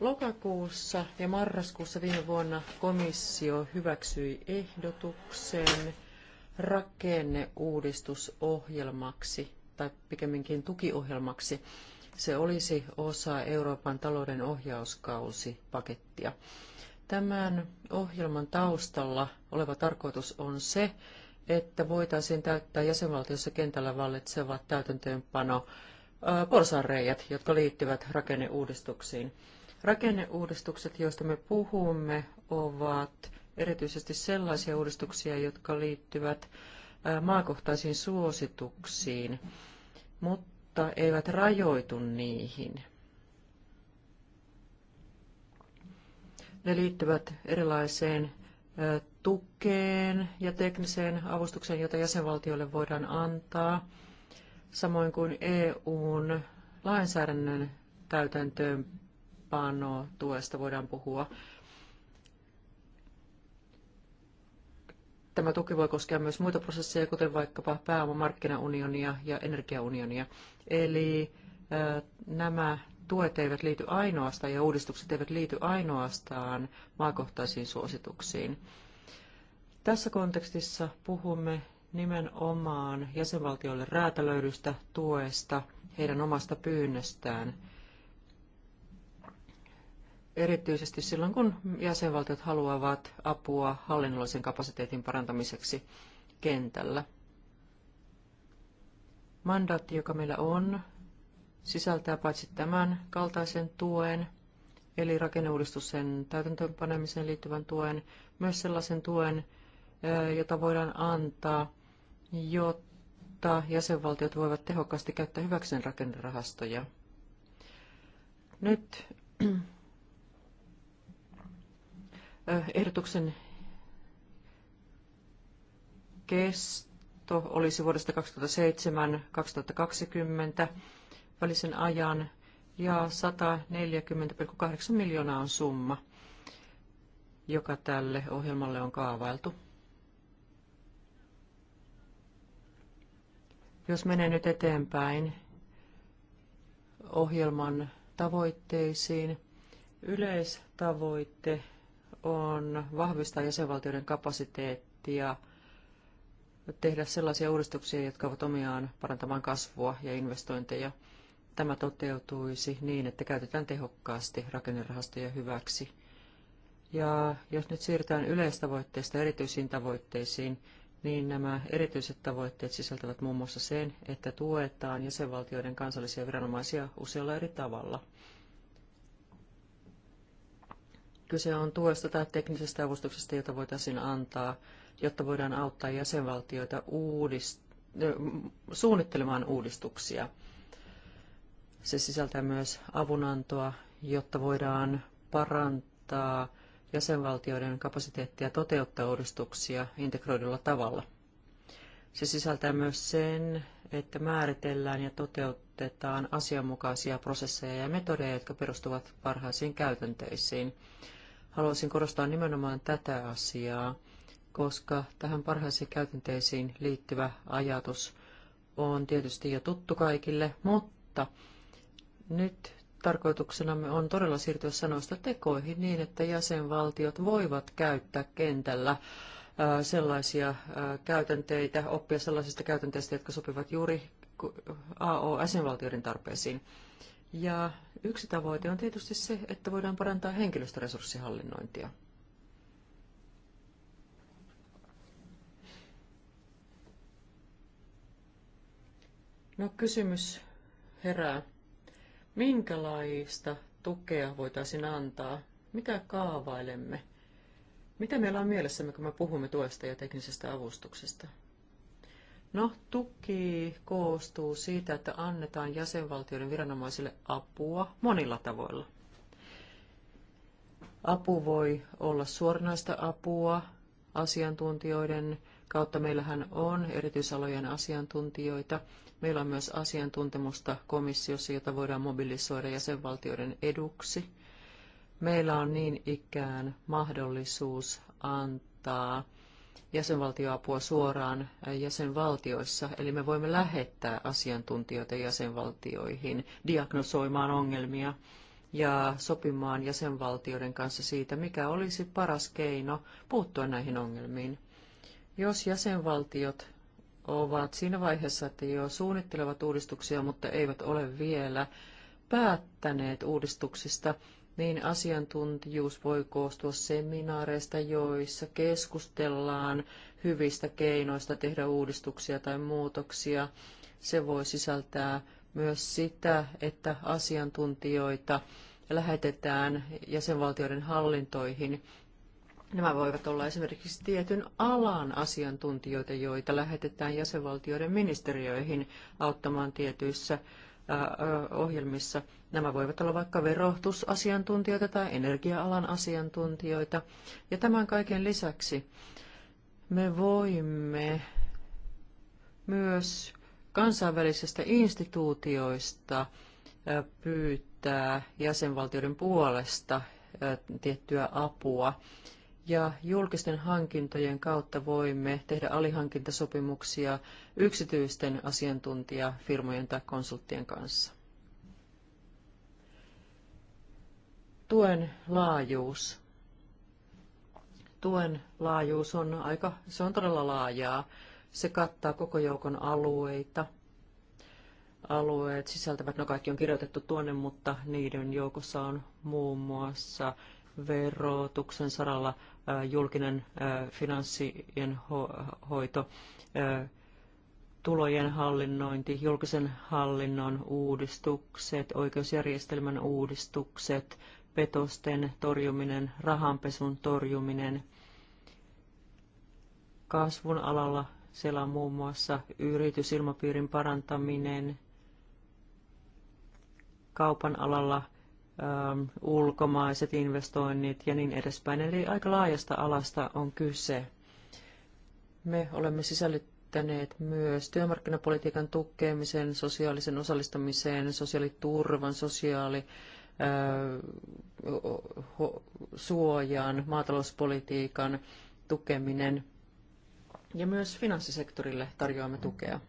Speaker 2: lokakuussa ja marraskuussa viime vuonna komissio hyväksyi ehdotuksen rakenneuudistusohjelmaksi tai pikemminkin tukiohjelmaksi se olisi osa Euroopan talouden ohjauskausipakettia. Tämän ohjelman taustalla oleva tarkoitus on se, että voitaisiin täyttää jäsenvaltiossa kentällä vallitsevat täytäntöönpano porsanreijät, jotka liittyvät rakenneuudistuksiin. Rakenneuudistukset, joista me puhumme, ovat erityisesti sellaisia uudistuksia, jotka liittyvät maakohtaisiin suosituksiin, mutta mutta eivät rajoitu niihin. Ne liittyvät erilaiseen tukeen ja tekniseen avustukseen, jota jäsenvaltioille voidaan antaa, samoin kuin EUn lainsäädännön täytäntöönpano tuesta voidaan puhua. Tämä tuki voi koskea myös muita prosesseja, kuten vaikkapa pääomamarkkinaunionia ja energiaunionia. Eli nämä tuet eivät liity ainoastaan ja uudistukset eivät liity ainoastaan maakohtaisiin suosituksiin. Tässä kontekstissa puhumme nimenomaan jäsenvaltioille räätälöidystä tuesta heidän omasta pyynnöstään – erityisesti silloin, kun jäsenvaltiot haluavat apua hallinnollisen kapasiteetin parantamiseksi kentällä. Mandaatti, joka meillä on, sisältää paitsi tämän kaltaisen tuen, eli rakenneuudistuksen täytäntöönpanemiseen liittyvän tuen, myös sellaisen tuen, jota voidaan antaa, jotta jäsenvaltiot voivat tehokkaasti käyttää hyväkseen rakennerahastoja. Nyt ehdotuksen kesto olisi vuodesta 2007-2020 välisen ajan ja 140,8 miljoonaa on summa, joka tälle ohjelmalle on kaavailtu. Jos menen nyt eteenpäin ohjelman tavoitteisiin, yleistavoitte on vahvistaa jäsenvaltioiden kapasiteettia tehdä sellaisia uudistuksia, jotka ovat omiaan parantamaan kasvua ja investointeja. Tämä toteutuisi niin, että käytetään tehokkaasti rakennerahastoja hyväksi. Ja jos nyt siirrytään yleistavoitteista erityisiin tavoitteisiin, niin nämä erityiset tavoitteet sisältävät muun muassa sen, että tuetaan jäsenvaltioiden kansallisia viranomaisia usealla eri tavalla. Kyse on tuesta tai teknisestä avustuksesta, jota voitaisiin antaa, jotta voidaan auttaa jäsenvaltioita uudist- suunnittelemaan uudistuksia. Se sisältää myös avunantoa, jotta voidaan parantaa jäsenvaltioiden kapasiteettia toteuttaa uudistuksia integroidulla tavalla. Se sisältää myös sen, että määritellään ja toteutetaan asianmukaisia prosesseja ja metodeja, jotka perustuvat parhaisiin käytänteisiin. Haluaisin korostaa nimenomaan tätä asiaa, koska tähän parhaisiin käytänteisiin liittyvä ajatus on tietysti jo tuttu kaikille, mutta nyt tarkoituksenamme on todella siirtyä sanoista tekoihin niin, että jäsenvaltiot voivat käyttää kentällä sellaisia käytänteitä, oppia sellaisista käytänteistä, jotka sopivat juuri AO-jäsenvaltioiden tarpeisiin. Ja yksi tavoite on tietysti se, että voidaan parantaa henkilöstöresurssihallinnointia. No kysymys herää. Minkälaista tukea voitaisiin antaa? Mitä kaavailemme? Mitä meillä on mielessämme, kun me puhumme tuesta ja teknisestä avustuksesta? No, tuki koostuu siitä, että annetaan jäsenvaltioiden viranomaisille apua monilla tavoilla. Apu voi olla suoranaista apua asiantuntijoiden kautta. Meillähän on erityisalojen asiantuntijoita. Meillä on myös asiantuntemusta komissiossa, jota voidaan mobilisoida jäsenvaltioiden eduksi. Meillä on niin ikään mahdollisuus antaa jäsenvaltioapua suoraan jäsenvaltioissa, eli me voimme lähettää asiantuntijoita jäsenvaltioihin diagnosoimaan ongelmia ja sopimaan jäsenvaltioiden kanssa siitä, mikä olisi paras keino puuttua näihin ongelmiin. Jos jäsenvaltiot ovat siinä vaiheessa, että jo suunnittelevat uudistuksia, mutta eivät ole vielä päättäneet uudistuksista, niin asiantuntijuus voi koostua seminaareista, joissa keskustellaan hyvistä keinoista tehdä uudistuksia tai muutoksia. Se voi sisältää myös sitä, että asiantuntijoita lähetetään jäsenvaltioiden hallintoihin. Nämä voivat olla esimerkiksi tietyn alan asiantuntijoita, joita lähetetään jäsenvaltioiden ministeriöihin auttamaan tietyissä ohjelmissa. Nämä voivat olla vaikka verotusasiantuntijoita tai energia-alan asiantuntijoita. Ja tämän kaiken lisäksi me voimme myös kansainvälisistä instituutioista pyytää jäsenvaltioiden puolesta tiettyä apua ja julkisten hankintojen kautta voimme tehdä alihankintasopimuksia yksityisten asiantuntijafirmojen tai konsulttien kanssa. Tuen laajuus. Tuen laajuus on aika, se on todella laajaa. Se kattaa koko joukon alueita. Alueet sisältävät, no kaikki on kirjoitettu tuonne, mutta niiden joukossa on muun muassa verotuksen saralla julkinen finanssien hoito, tulojen hallinnointi, julkisen hallinnon uudistukset, oikeusjärjestelmän uudistukset, petosten torjuminen, rahanpesun torjuminen. Kasvun alalla siellä on muun muassa yritysilmapiirin parantaminen, kaupan alalla Ähm, ulkomaiset investoinnit ja niin edespäin. Eli aika laajasta alasta on kyse. Me olemme sisällyttäneet myös työmarkkinapolitiikan tukemisen, sosiaalisen osallistamisen, sosiaaliturvan, sosiaali äh, suojan, maatalouspolitiikan tukeminen ja myös finanssisektorille tarjoamme tukea.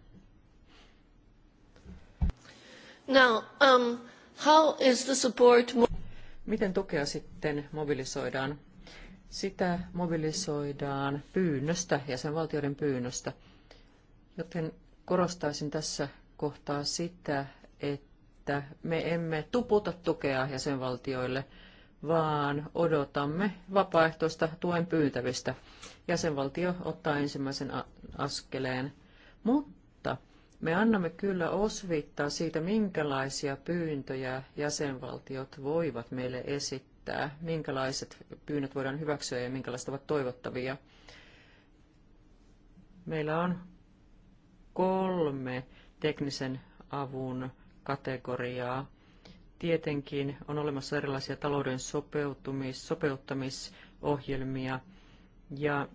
Speaker 3: Now, um, How is the support...
Speaker 2: Miten tukea sitten mobilisoidaan? Sitä mobilisoidaan pyynnöstä, jäsenvaltioiden pyynnöstä. Joten korostaisin tässä kohtaa sitä, että me emme tuputa tukea jäsenvaltioille, vaan odotamme vapaaehtoista tuen pyytävistä. Jäsenvaltio ottaa ensimmäisen askeleen, mutta me annamme kyllä osviittaa siitä, minkälaisia pyyntöjä jäsenvaltiot voivat meille esittää, minkälaiset pyynnöt voidaan hyväksyä ja minkälaiset ovat toivottavia. Meillä on kolme teknisen avun kategoriaa. Tietenkin on olemassa erilaisia talouden sopeutumis, sopeuttamisohjelmia ja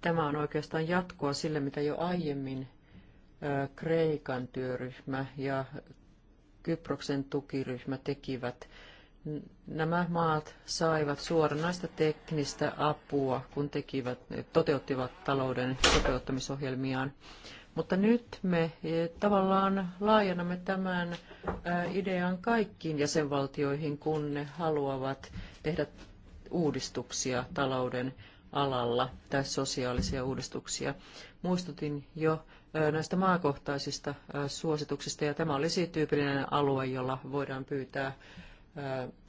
Speaker 2: tämä on oikeastaan jatkoa sille, mitä jo aiemmin Kreikan työryhmä ja Kyproksen tukiryhmä tekivät. Nämä maat saivat suoranaista teknistä apua, kun tekivät, toteuttivat talouden sopeuttamisohjelmiaan. Mutta nyt me e, tavallaan laajennamme tämän idean kaikkiin jäsenvaltioihin, kun ne haluavat tehdä uudistuksia talouden alalla tai sosiaalisia uudistuksia. Muistutin jo näistä maakohtaisista suosituksista, ja tämä olisi tyypillinen alue, jolla voidaan pyytää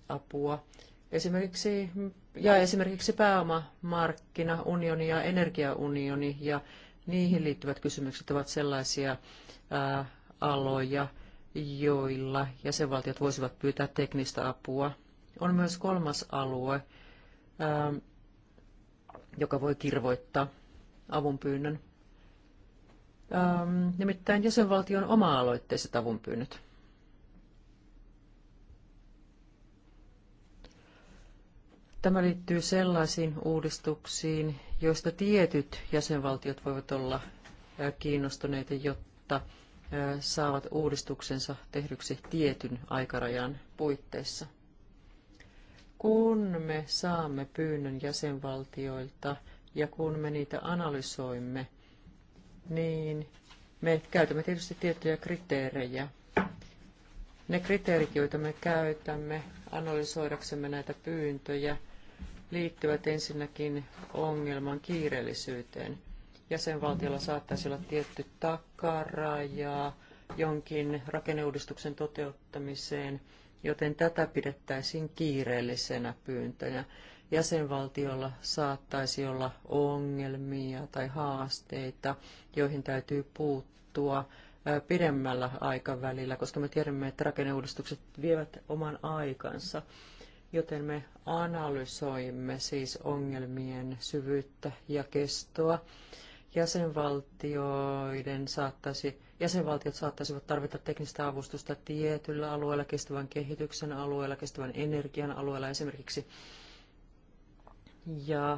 Speaker 2: apua. Esimerkiksi, ja esimerkiksi pääomamarkkinaunioni ja energiaunioni ja niihin liittyvät kysymykset ovat sellaisia aloja, joilla jäsenvaltiot voisivat pyytää teknistä apua. On myös kolmas alue, joka voi kirvoittaa avunpyynnön ähm, nimittäin jäsenvaltion oma-aloitteiset avunpyynnöt. Tämä liittyy sellaisiin uudistuksiin, joista tietyt jäsenvaltiot voivat olla äh, kiinnostuneita, jotta äh, saavat uudistuksensa tehdyksi tietyn aikarajan puitteissa. Kun me saamme pyynnön jäsenvaltioilta ja kun me niitä analysoimme, niin me käytämme tietysti tiettyjä kriteerejä. Ne kriteerit, joita me käytämme analysoidaksemme näitä pyyntöjä, liittyvät ensinnäkin ongelman kiireellisyyteen. Jäsenvaltiolla saattaisi olla tietty takaraja jonkin rakenneuudistuksen toteuttamiseen, joten tätä pidettäisiin kiireellisenä pyyntönä jäsenvaltiolla saattaisi olla ongelmia tai haasteita, joihin täytyy puuttua pidemmällä aikavälillä, koska me tiedämme, että rakenneuudistukset vievät oman aikansa. Joten me analysoimme siis ongelmien syvyyttä ja kestoa. Jäsenvaltioiden saattaisi, jäsenvaltiot saattaisivat tarvita teknistä avustusta tietyllä alueella, kestävän kehityksen alueella, kestävän energian alueella esimerkiksi ja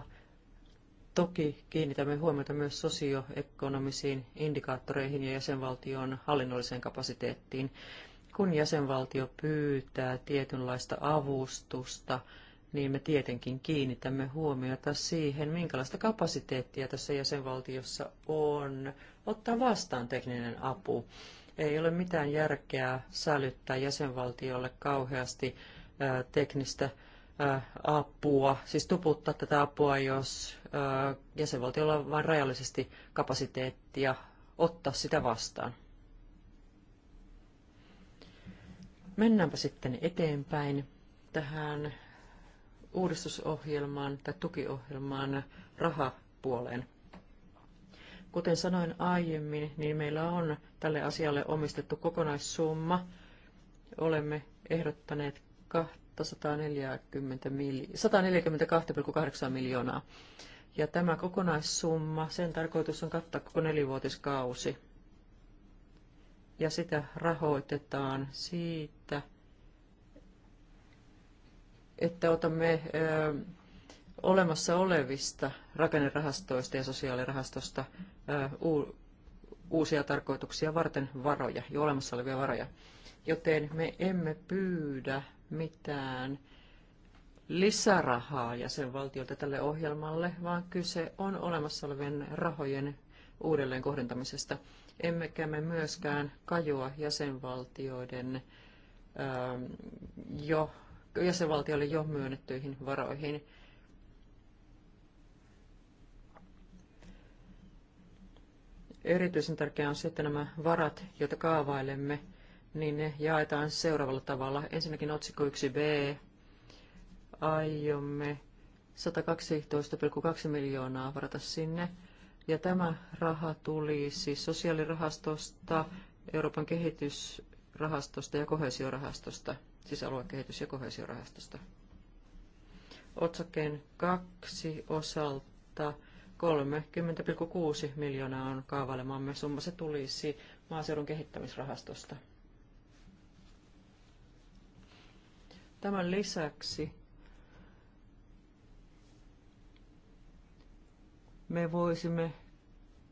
Speaker 2: toki kiinnitämme huomiota myös sosioekonomisiin indikaattoreihin ja jäsenvaltion hallinnolliseen kapasiteettiin. Kun jäsenvaltio pyytää tietynlaista avustusta, niin me tietenkin kiinnitämme huomiota siihen, minkälaista kapasiteettia tässä jäsenvaltiossa on ottaa vastaan tekninen apu. Ei ole mitään järkeä sälyttää jäsenvaltiolle kauheasti teknistä apua, siis tuputtaa tätä apua, jos jäsenvaltiolla on vain rajallisesti kapasiteettia ottaa sitä vastaan. Mennäänpä sitten eteenpäin tähän uudistusohjelmaan tai tukiohjelmaan rahapuoleen. Kuten sanoin aiemmin, niin meillä on tälle asialle omistettu kokonaissumma. Olemme ehdottaneet 142,8 miljoonaa. Ja tämä kokonaissumma, sen tarkoitus on kattaa koko nelivuotiskausi. Ja sitä rahoitetaan siitä, että otamme ö, olemassa olevista rakennerahastoista ja sosiaalirahastosta ö, u, uusia tarkoituksia varten varoja, jo olemassa olevia varoja. Joten me emme pyydä mitään lisärahaa jäsenvaltiolta tälle ohjelmalle, vaan kyse on olemassa olevien rahojen uudelleen kohdentamisesta. Emmekä me myöskään kajoa jäsenvaltioiden ähm, jo, jäsenvaltioille jo myönnettyihin varoihin. Erityisen tärkeää on se, että nämä varat, joita kaavailemme, niin ne jaetaan seuraavalla tavalla. Ensinnäkin otsikko 1b. Aiomme 112,2 miljoonaa varata sinne. Ja tämä raha tuli siis sosiaalirahastosta, Euroopan kehitysrahastosta ja kohesiorahastosta, siis aluekehitys- ja kohesiorahastosta. Otsakkeen kaksi osalta 30,6 miljoonaa on kaavailemamme summa. Se tulisi maaseudun kehittämisrahastosta. Tämän lisäksi me voisimme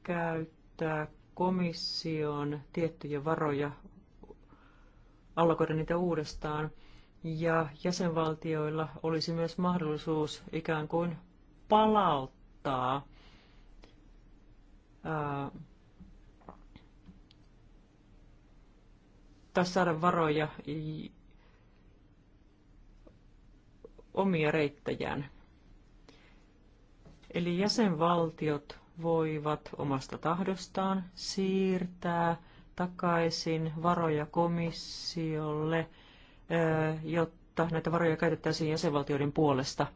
Speaker 2: käyttää komission tiettyjä varoja, allokoida niitä uudestaan, ja jäsenvaltioilla olisi myös mahdollisuus ikään kuin palauttaa ää, tai saada varoja omia reittejään. Eli jäsenvaltiot voivat omasta tahdostaan siirtää takaisin varoja komissiolle, jotta näitä varoja käytettäisiin jäsenvaltioiden puolesta.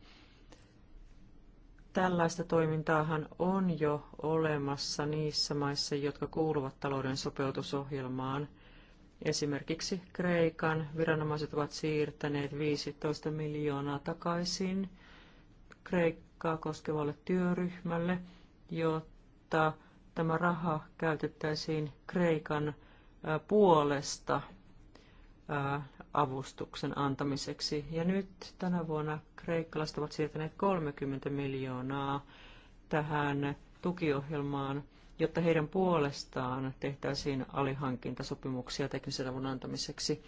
Speaker 2: Tällaista toimintaahan on jo olemassa niissä maissa, jotka kuuluvat talouden sopeutusohjelmaan – Esimerkiksi Kreikan viranomaiset ovat siirtäneet 15 miljoonaa takaisin Kreikkaa koskevalle työryhmälle, jotta tämä raha käytettäisiin Kreikan puolesta avustuksen antamiseksi. Ja nyt tänä vuonna kreikkalaiset ovat siirtäneet 30 miljoonaa tähän tukiohjelmaan – jotta heidän puolestaan tehtäisiin alihankintasopimuksia teknisen avun antamiseksi.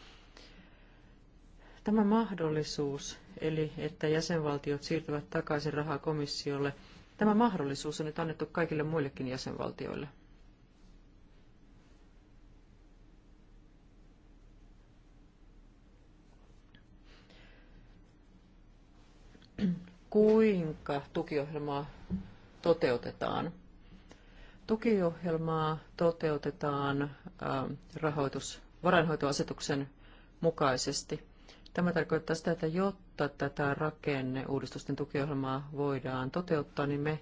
Speaker 2: Tämä mahdollisuus, eli että jäsenvaltiot siirtävät takaisin rahaa komissiolle, tämä mahdollisuus on nyt annettu kaikille muillekin jäsenvaltioille. Kuinka tukiohjelmaa toteutetaan? Tukiohjelmaa toteutetaan ähm, rahoitus, varainhoitoasetuksen mukaisesti. Tämä tarkoittaa sitä, että jotta tätä rakenneuudistusten tukiohjelmaa voidaan toteuttaa, niin me äh,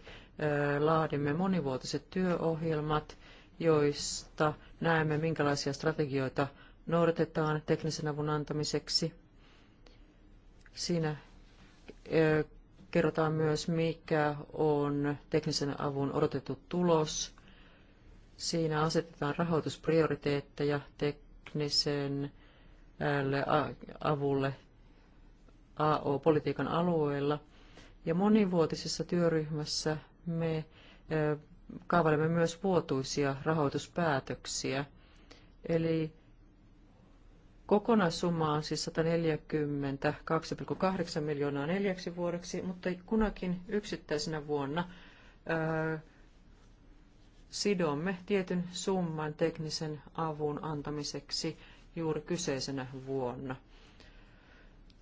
Speaker 2: laadimme monivuotiset työohjelmat, joista näemme, minkälaisia strategioita noudatetaan teknisen avun antamiseksi. Siinä äh, kerrotaan myös, mikä on teknisen avun odotettu tulos Siinä asetetaan rahoitusprioriteetteja teknisen avulle AO-politiikan alueella. Ja monivuotisessa työryhmässä me kaavailemme myös vuotuisia rahoituspäätöksiä. Eli kokonaissumma on siis 142,8 miljoonaa neljäksi vuodeksi, mutta kunakin yksittäisenä vuonna sidomme tietyn summan teknisen avun antamiseksi juuri kyseisenä vuonna.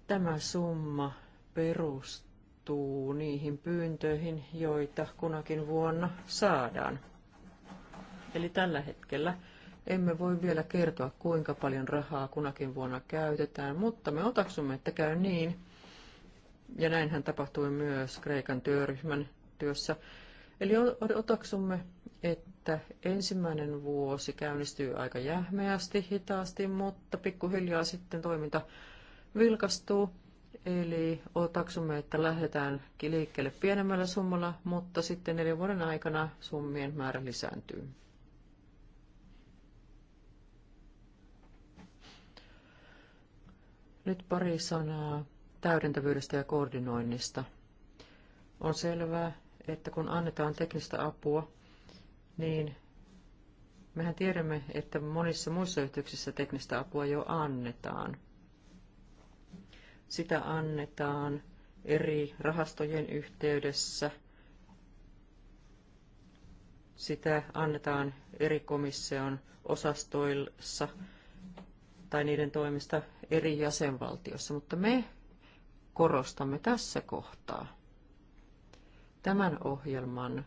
Speaker 2: Tämä summa perustuu niihin pyyntöihin, joita kunakin vuonna saadaan. Eli tällä hetkellä emme voi vielä kertoa, kuinka paljon rahaa kunakin vuonna käytetään, mutta me otaksumme, että käy niin. Ja näinhän tapahtui myös Kreikan työryhmän työssä. Eli otaksumme että ensimmäinen vuosi käynnistyy aika jähmeästi, hitaasti, mutta pikkuhiljaa sitten toiminta vilkastuu. Eli otaksumme, että lähdetään liikkeelle pienemmällä summalla, mutta sitten neljän vuoden aikana summien määrä lisääntyy. Nyt pari sanaa täydentävyydestä ja koordinoinnista. On selvää, että kun annetaan teknistä apua, niin mehän tiedämme, että monissa muissa yhteyksissä teknistä apua jo annetaan. Sitä annetaan eri rahastojen yhteydessä. Sitä annetaan eri komission osastoissa tai niiden toimista eri jäsenvaltiossa, mutta me korostamme tässä kohtaa tämän ohjelman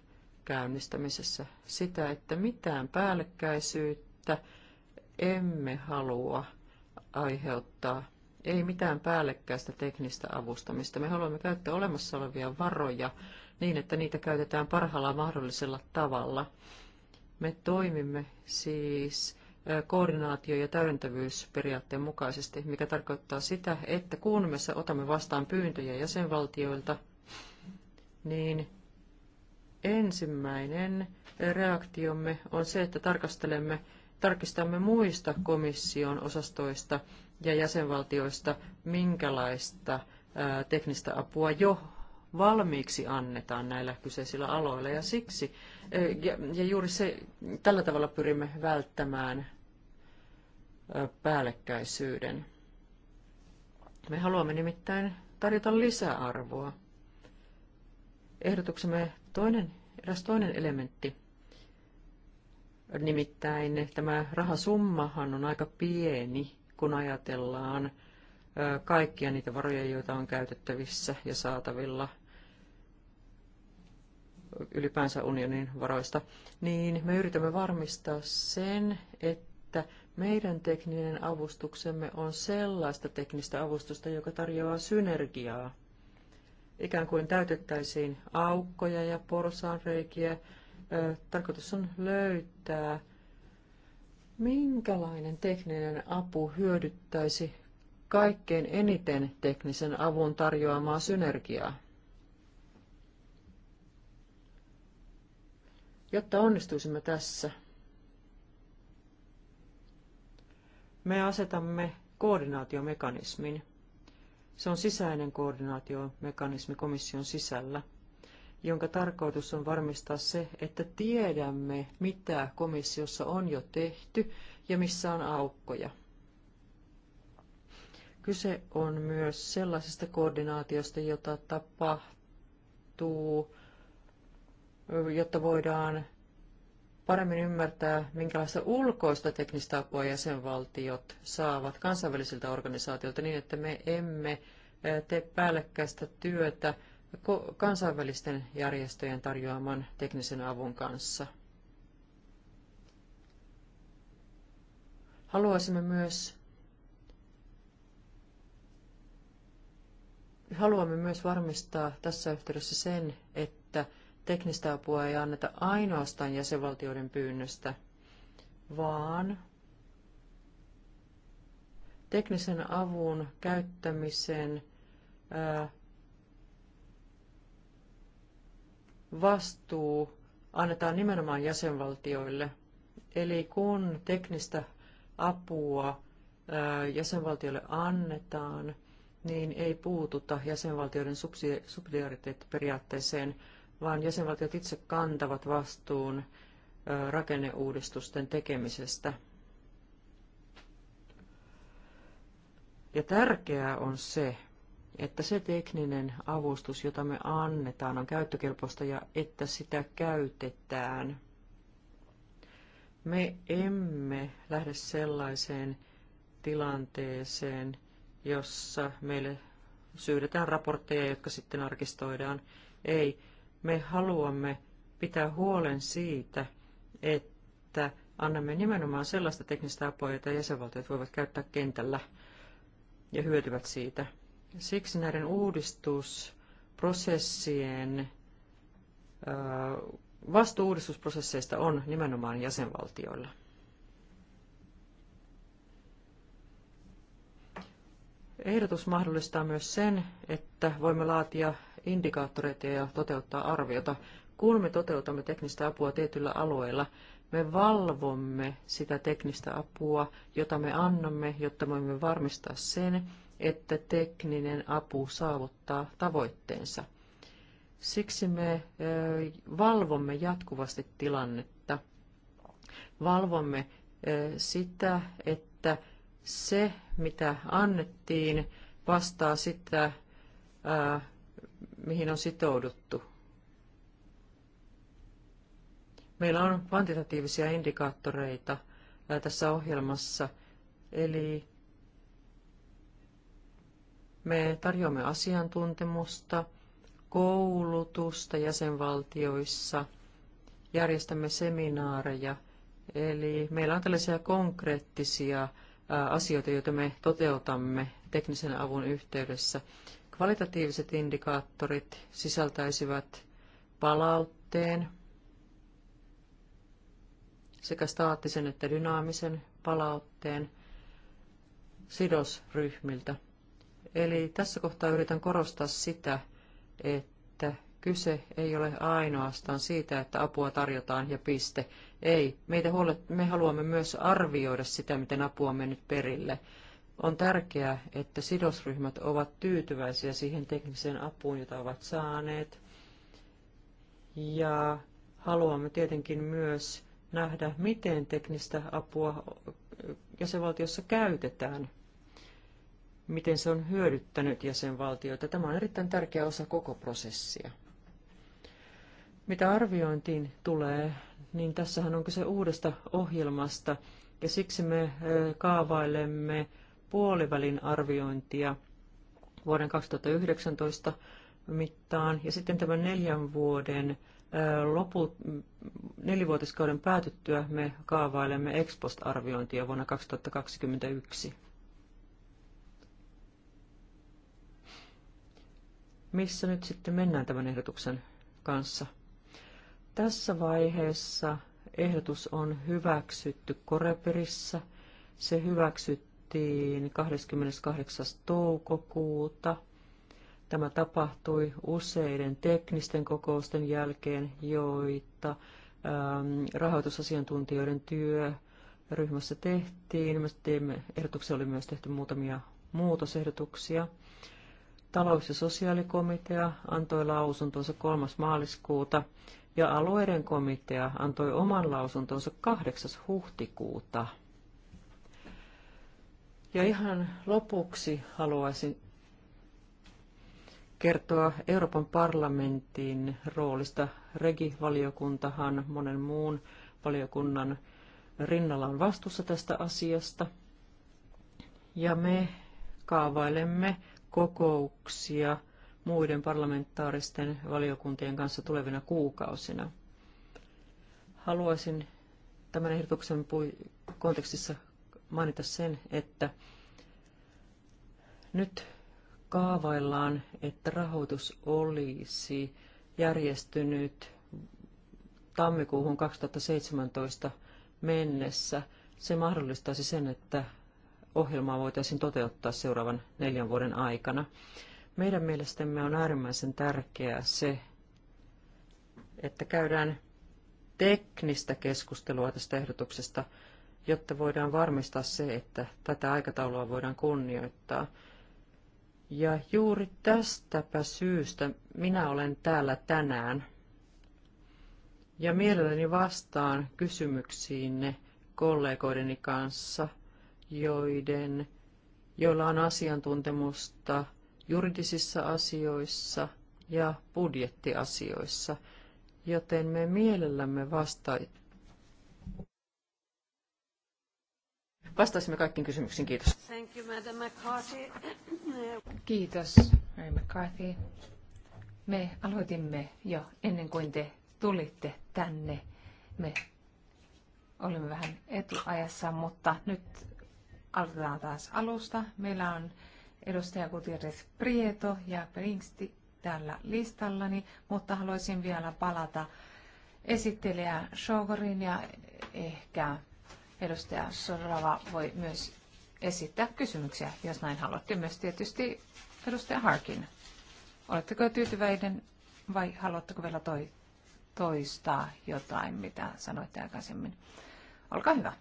Speaker 2: käynnistämisessä sitä, että mitään päällekkäisyyttä emme halua aiheuttaa. Ei mitään päällekkäistä teknistä avustamista. Me haluamme käyttää olemassa olevia varoja niin, että niitä käytetään parhaalla mahdollisella tavalla. Me toimimme siis koordinaatio- ja täydentävyysperiaatteen mukaisesti, mikä tarkoittaa sitä, että kun me otamme vastaan pyyntöjä jäsenvaltioilta, niin Ensimmäinen reaktiomme on se, että tarkastelemme, tarkistamme muista komission osastoista ja jäsenvaltioista, minkälaista teknistä apua jo valmiiksi annetaan näillä kyseisillä aloilla. Ja, siksi, ja, juuri se, tällä tavalla pyrimme välttämään päällekkäisyyden. Me haluamme nimittäin tarjota lisäarvoa. Ehdotuksemme Toinen, eräs toinen elementti, nimittäin tämä rahasummahan on aika pieni, kun ajatellaan kaikkia niitä varoja, joita on käytettävissä ja saatavilla ylipäänsä unionin varoista, niin me yritämme varmistaa sen, että meidän tekninen avustuksemme on sellaista teknistä avustusta, joka tarjoaa synergiaa ikään kuin täytettäisiin aukkoja ja porsaanreikiä. Tarkoitus on löytää, minkälainen tekninen apu hyödyttäisi kaikkein eniten teknisen avun tarjoamaa synergiaa. Jotta onnistuisimme tässä, me asetamme koordinaatiomekanismin – se on sisäinen koordinaatiomekanismi komission sisällä, jonka tarkoitus on varmistaa se, että tiedämme, mitä komissiossa on jo tehty ja missä on aukkoja. Kyse on myös sellaisesta koordinaatiosta, jota tapahtuu, jotta voidaan paremmin ymmärtää, minkälaista ulkoista teknistä apua jäsenvaltiot saavat kansainvälisiltä organisaatioilta niin, että me emme eh, tee päällekkäistä työtä kansainvälisten järjestöjen tarjoaman teknisen avun kanssa. Haluaisimme myös haluamme myös varmistaa tässä yhteydessä sen, että Teknistä apua ei anneta ainoastaan jäsenvaltioiden pyynnöstä, vaan teknisen avun käyttämisen vastuu annetaan nimenomaan jäsenvaltioille. Eli kun teknistä apua jäsenvaltioille annetaan, niin ei puututa jäsenvaltioiden subsidiariteettiperiaatteeseen, vaan jäsenvaltiot itse kantavat vastuun rakenneuudistusten tekemisestä. Ja tärkeää on se, että se tekninen avustus, jota me annetaan, on käyttökelpoista ja että sitä käytetään. Me emme lähde sellaiseen tilanteeseen, jossa meille syydetään raportteja, jotka sitten arkistoidaan. Ei, me haluamme pitää huolen siitä, että annamme nimenomaan sellaista teknistä apua, jota jäsenvaltiot voivat käyttää kentällä ja hyötyvät siitä. Siksi näiden uudistusprosessien vastuu uudistusprosesseista on nimenomaan jäsenvaltioilla. Ehdotus mahdollistaa myös sen, että voimme laatia indikaattoreita ja toteuttaa arviota. Kun me toteutamme teknistä apua tietyllä alueella, me valvomme sitä teknistä apua, jota me annamme, jotta voimme varmistaa sen, että tekninen apu saavuttaa tavoitteensa. Siksi me valvomme jatkuvasti tilannetta. Valvomme sitä, että se, mitä annettiin, vastaa sitä mihin on sitouduttu. Meillä on kvantitatiivisia indikaattoreita tässä ohjelmassa, eli me tarjoamme asiantuntemusta, koulutusta jäsenvaltioissa, järjestämme seminaareja, eli meillä on tällaisia konkreettisia asioita, joita me toteutamme teknisen avun yhteydessä. Kvalitatiiviset indikaattorit sisältäisivät palautteen, sekä staattisen että dynaamisen palautteen sidosryhmiltä. Eli tässä kohtaa yritän korostaa sitä, että kyse ei ole ainoastaan siitä, että apua tarjotaan ja piste. Ei, meitä huolet, me haluamme myös arvioida sitä, miten apua on mennyt perille. On tärkeää, että sidosryhmät ovat tyytyväisiä siihen tekniseen apuun, jota ovat saaneet. Ja haluamme tietenkin myös nähdä, miten teknistä apua jäsenvaltiossa käytetään, miten se on hyödyttänyt jäsenvaltioita. Tämä on erittäin tärkeä osa koko prosessia. Mitä arviointiin tulee, niin tässähän on kyse uudesta ohjelmasta, ja siksi me kaavailemme puolivälin arviointia vuoden 2019 mittaan. Ja sitten tämän neljän vuoden lopu, nelivuotiskauden päätyttyä me kaavailemme expost arviointia vuonna 2021. Missä nyt sitten mennään tämän ehdotuksen kanssa? Tässä vaiheessa ehdotus on hyväksytty Koreperissä. Se hyväksytty tehtiin 28. toukokuuta. Tämä tapahtui useiden teknisten kokousten jälkeen, joita ähm, rahoitusasiantuntijoiden työryhmässä tehtiin. ehdotuksia oli myös tehty muutamia muutosehdotuksia. Talous- ja sosiaalikomitea antoi lausuntonsa 3. maaliskuuta ja alueiden komitea antoi oman lausuntonsa 8. huhtikuuta. Ja ihan lopuksi haluaisin kertoa Euroopan parlamentin roolista. Regi-valiokuntahan monen muun valiokunnan rinnalla on vastuussa tästä asiasta. Ja me kaavailemme kokouksia muiden parlamentaaristen valiokuntien kanssa tulevina kuukausina. Haluaisin tämän ehdotuksen kontekstissa mainita sen, että nyt kaavaillaan, että rahoitus olisi järjestynyt tammikuuhun 2017 mennessä. Se mahdollistaisi sen, että ohjelmaa voitaisiin toteuttaa seuraavan neljän vuoden aikana. Meidän mielestämme on äärimmäisen tärkeää se, että käydään teknistä keskustelua tästä ehdotuksesta – jotta voidaan varmistaa se, että tätä aikataulua voidaan kunnioittaa. Ja juuri tästäpä syystä minä olen täällä tänään. Ja mielelläni vastaan kysymyksiinne kollegoideni kanssa, joiden, joilla on asiantuntemusta juridisissa asioissa ja budjettiasioissa, joten me mielellämme vasta-
Speaker 1: vastasimme kaikkiin kysymyksiin. Kiitos.
Speaker 2: Thank you, Madam McCarthy.
Speaker 1: Kiitos, Mary McCarthy. Me aloitimme jo ennen kuin te tulitte tänne. Me olimme vähän etuajassa, mutta nyt aloitetaan taas alusta. Meillä on edustaja Gutierrez Prieto ja Pringsti tällä listallani, mutta haluaisin vielä palata esittelijä Shogorin ja ehkä Edustaja Sorava voi myös esittää kysymyksiä, jos näin haluatte. Myös tietysti edustaja Harkin. Oletteko tyytyväinen vai haluatteko vielä toi, toistaa jotain, mitä sanoitte aikaisemmin? Olkaa hyvä.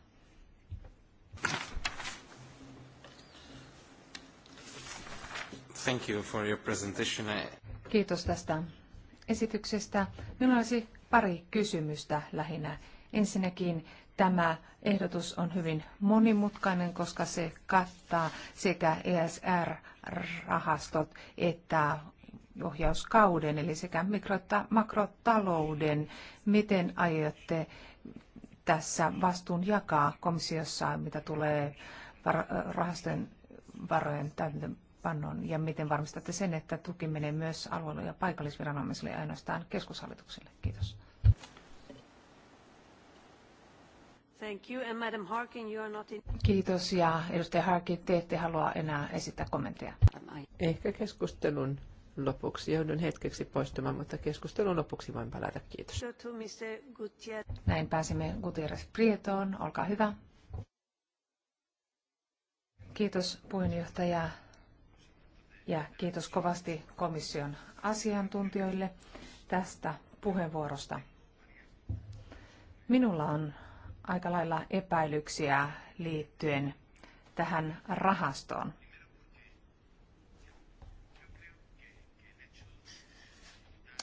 Speaker 3: Thank you for your presentation.
Speaker 1: Kiitos tästä esityksestä. Minulla olisi pari kysymystä lähinnä. Ensinnäkin Tämä ehdotus on hyvin monimutkainen, koska se kattaa sekä ESR-rahastot että ohjauskauden, eli sekä mikro- että makrotalouden. Miten aiotte tässä vastuun jakaa komissiossa, mitä tulee rahastojen varojen täytäntöönpannon ja miten varmistatte sen, että tuki menee myös alueelle ja paikallisviranomaisille ainoastaan keskushallitukselle? Kiitos. Thank you. And Madam Harkin, you are not in... Kiitos ja edustaja Harkin, te ette halua enää esittää kommentteja. Ehkä keskustelun
Speaker 3: lopuksi. Joudun hetkeksi poistumaan, mutta keskustelun lopuksi voin palata. Kiitos.
Speaker 1: Näin pääsimme Gutierrez Prietoon. Olkaa hyvä. Kiitos puheenjohtaja ja kiitos kovasti komission asiantuntijoille tästä puheenvuorosta. Minulla on aika lailla epäilyksiä liittyen tähän rahastoon.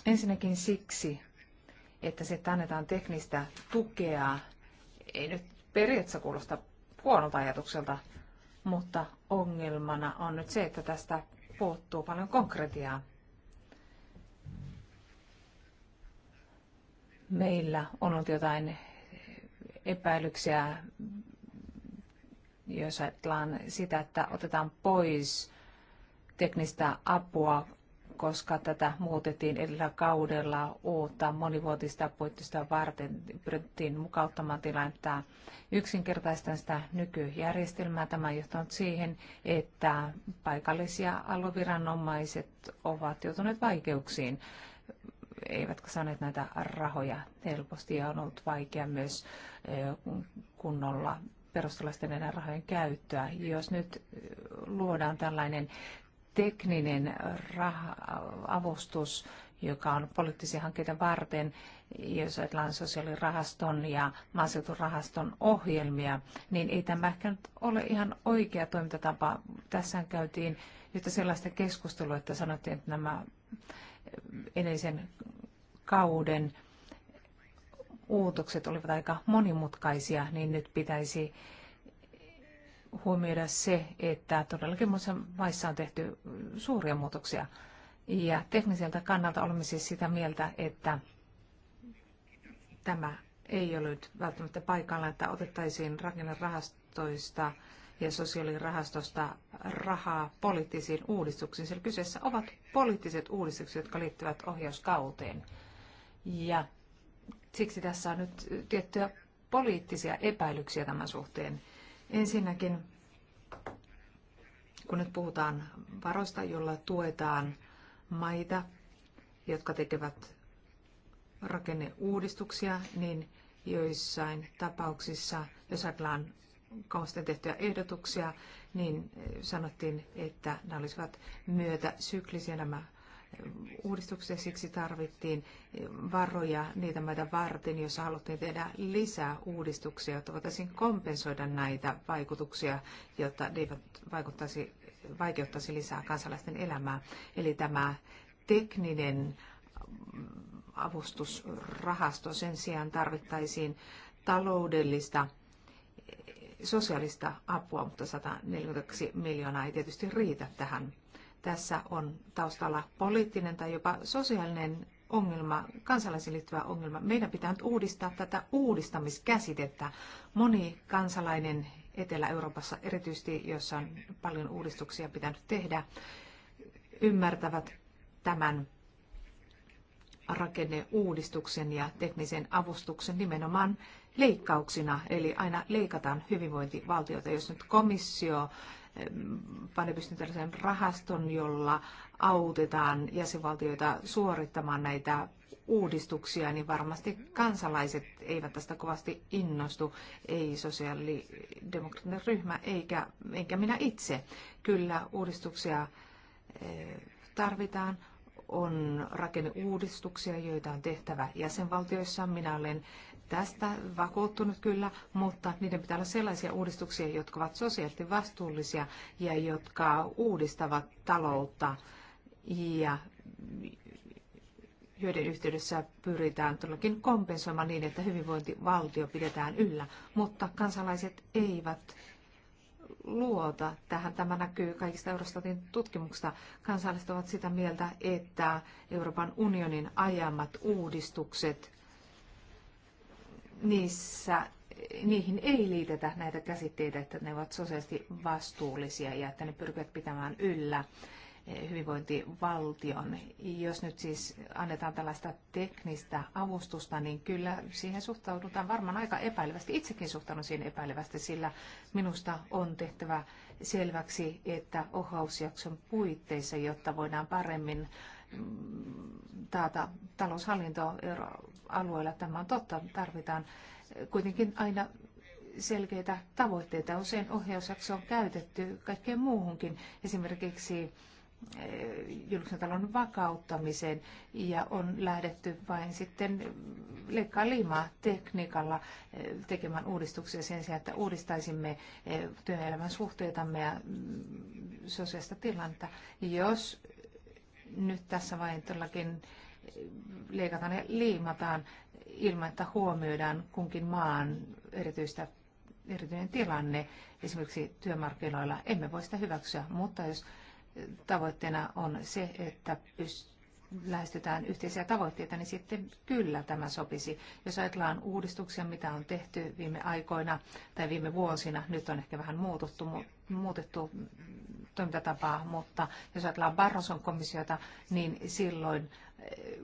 Speaker 1: Ensinnäkin siksi, että se annetaan teknistä tukea, ei nyt periaatteessa kuulosta huonolta ajatukselta, mutta ongelmana on nyt se, että tästä puuttuu paljon konkretiaa. Meillä on ollut jotain epäilyksiä, jos ajatellaan sitä, että otetaan pois teknistä apua, koska tätä muutettiin edellä kaudella uutta monivuotista puitteista varten, pyrittiin mukauttamaan tilannetta yksinkertaistaan sitä nykyjärjestelmää. Tämä on johtanut siihen, että paikallisia alueviranomaiset ovat joutuneet vaikeuksiin eivätkä saaneet näitä rahoja helposti ja on ollut vaikea myös kunnolla perustalaisten enää rahojen käyttöä. Jos nyt luodaan tällainen tekninen raha, avustus, joka on poliittisia hankkeita varten, jos ajatellaan sosiaalirahaston ja maaseuturahaston ohjelmia, niin ei tämä ehkä nyt ole ihan oikea toimintatapa. Tässä käytiin yhtä sellaista keskustelua, että sanottiin, että nämä edellisen kauden uutokset olivat aika monimutkaisia, niin nyt pitäisi huomioida se, että todellakin muissa maissa on tehty suuria muutoksia. Ja tekniseltä kannalta olemme siis sitä mieltä, että tämä ei ole nyt välttämättä paikalla, että otettaisiin rakennerahastoista ja sosiaalirahastosta rahaa poliittisiin uudistuksiin, sillä kyseessä ovat poliittiset uudistukset, jotka liittyvät ohjauskauteen. Ja siksi tässä on nyt tiettyjä poliittisia epäilyksiä tämän suhteen. Ensinnäkin, kun nyt puhutaan varoista, jolla tuetaan maita, jotka tekevät rakenneuudistuksia, niin joissain tapauksissa, jos ajatellaan kausten tehtyjä ehdotuksia, niin eh, sanottiin, että nämä olisivat myötä syklisiä nämä eh, uudistuksia, siksi tarvittiin eh, varoja niitä maita varten, jos haluttiin tehdä lisää uudistuksia, jotta voitaisiin kompensoida näitä vaikutuksia, jotta ne eivät vaikuttaisi, vaikeuttaisi lisää kansalaisten elämää. Eli tämä tekninen mm, avustusrahasto sen sijaan tarvittaisiin taloudellista sosiaalista apua, mutta 142 miljoonaa ei tietysti riitä tähän. Tässä on taustalla poliittinen tai jopa sosiaalinen ongelma, kansalaisiin liittyvä ongelma. Meidän pitää nyt uudistaa tätä uudistamiskäsitettä. Moni kansalainen Etelä-Euroopassa, erityisesti jossa on paljon uudistuksia pitänyt tehdä, ymmärtävät tämän rakenneuudistuksen ja teknisen avustuksen nimenomaan leikkauksina, eli aina leikataan hyvinvointivaltiota. Jos nyt komissio panee pystyn tällaisen rahaston, jolla autetaan jäsenvaltioita suorittamaan näitä uudistuksia, niin varmasti kansalaiset eivät tästä kovasti innostu, ei sosiaalidemokraattinen ryhmä eikä, eikä minä itse. Kyllä uudistuksia eh, tarvitaan, on rakenneuudistuksia, joita on tehtävä jäsenvaltioissa. Minä olen tästä vakuuttunut kyllä, mutta niiden pitää olla sellaisia uudistuksia, jotka ovat sosiaalisesti vastuullisia ja jotka uudistavat taloutta ja joiden yhteydessä pyritään todellakin kompensoimaan niin, että hyvinvointivaltio pidetään yllä, mutta kansalaiset eivät luota tähän. Tämä näkyy kaikista Eurostatin tutkimuksista. Kansalaiset ovat sitä mieltä, että Euroopan unionin ajamat uudistukset niissä, niihin ei liitetä näitä käsitteitä, että ne ovat sosiaalisesti vastuullisia ja että ne pyrkivät pitämään yllä eh, hyvinvointivaltion. Jos nyt siis annetaan tällaista teknistä avustusta, niin kyllä siihen suhtaudutaan varmaan aika epäilevästi. Itsekin suhtaudun siihen epäilevästi, sillä minusta on tehtävä selväksi, että ohjausjakson puitteissa, jotta voidaan paremmin taata taloushallintoa euroalueella. Tämä on totta. Tarvitaan kuitenkin aina selkeitä tavoitteita. Usein ohjausjakso on käytetty kaikkeen muuhunkin, esimerkiksi eh, julkisen talon vakauttamiseen ja on lähdetty vain sitten leikkaa liimaa tekniikalla eh, tekemään uudistuksia sen sijaan, että uudistaisimme eh, työelämän suhteitamme ja mm, sosiaalista tilannetta. Jos nyt tässä vain todellakin leikataan ja liimataan ilman, että huomioidaan kunkin maan erityistä, erityinen tilanne esimerkiksi työmarkkinoilla. Emme voi sitä hyväksyä, mutta jos tavoitteena on se, että pystyy lähestytään yhteisiä tavoitteita, niin sitten kyllä tämä sopisi. Jos ajatellaan uudistuksia, mitä on tehty viime aikoina tai viime vuosina, nyt on ehkä vähän muututtu, muutettu toimintatapaa, mutta jos ajatellaan Barroson komissiota, niin silloin eh,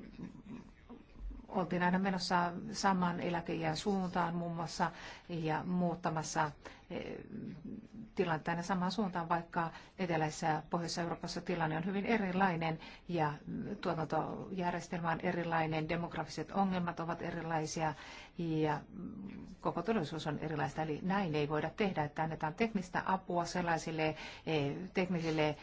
Speaker 1: oltiin aina menossa saman eläkeijän suuntaan muun muassa ja muuttamassa eh, tilanteen samaan suuntaan, vaikka eteläisessä ja Pohjois-Euroopassa tilanne on hyvin erilainen ja tuotantojärjestelmä on erilainen, demografiset ongelmat ovat erilaisia ja koko todellisuus on erilaista. Eli näin ei voida tehdä, että annetaan teknistä apua sellaisille e, teknisille e,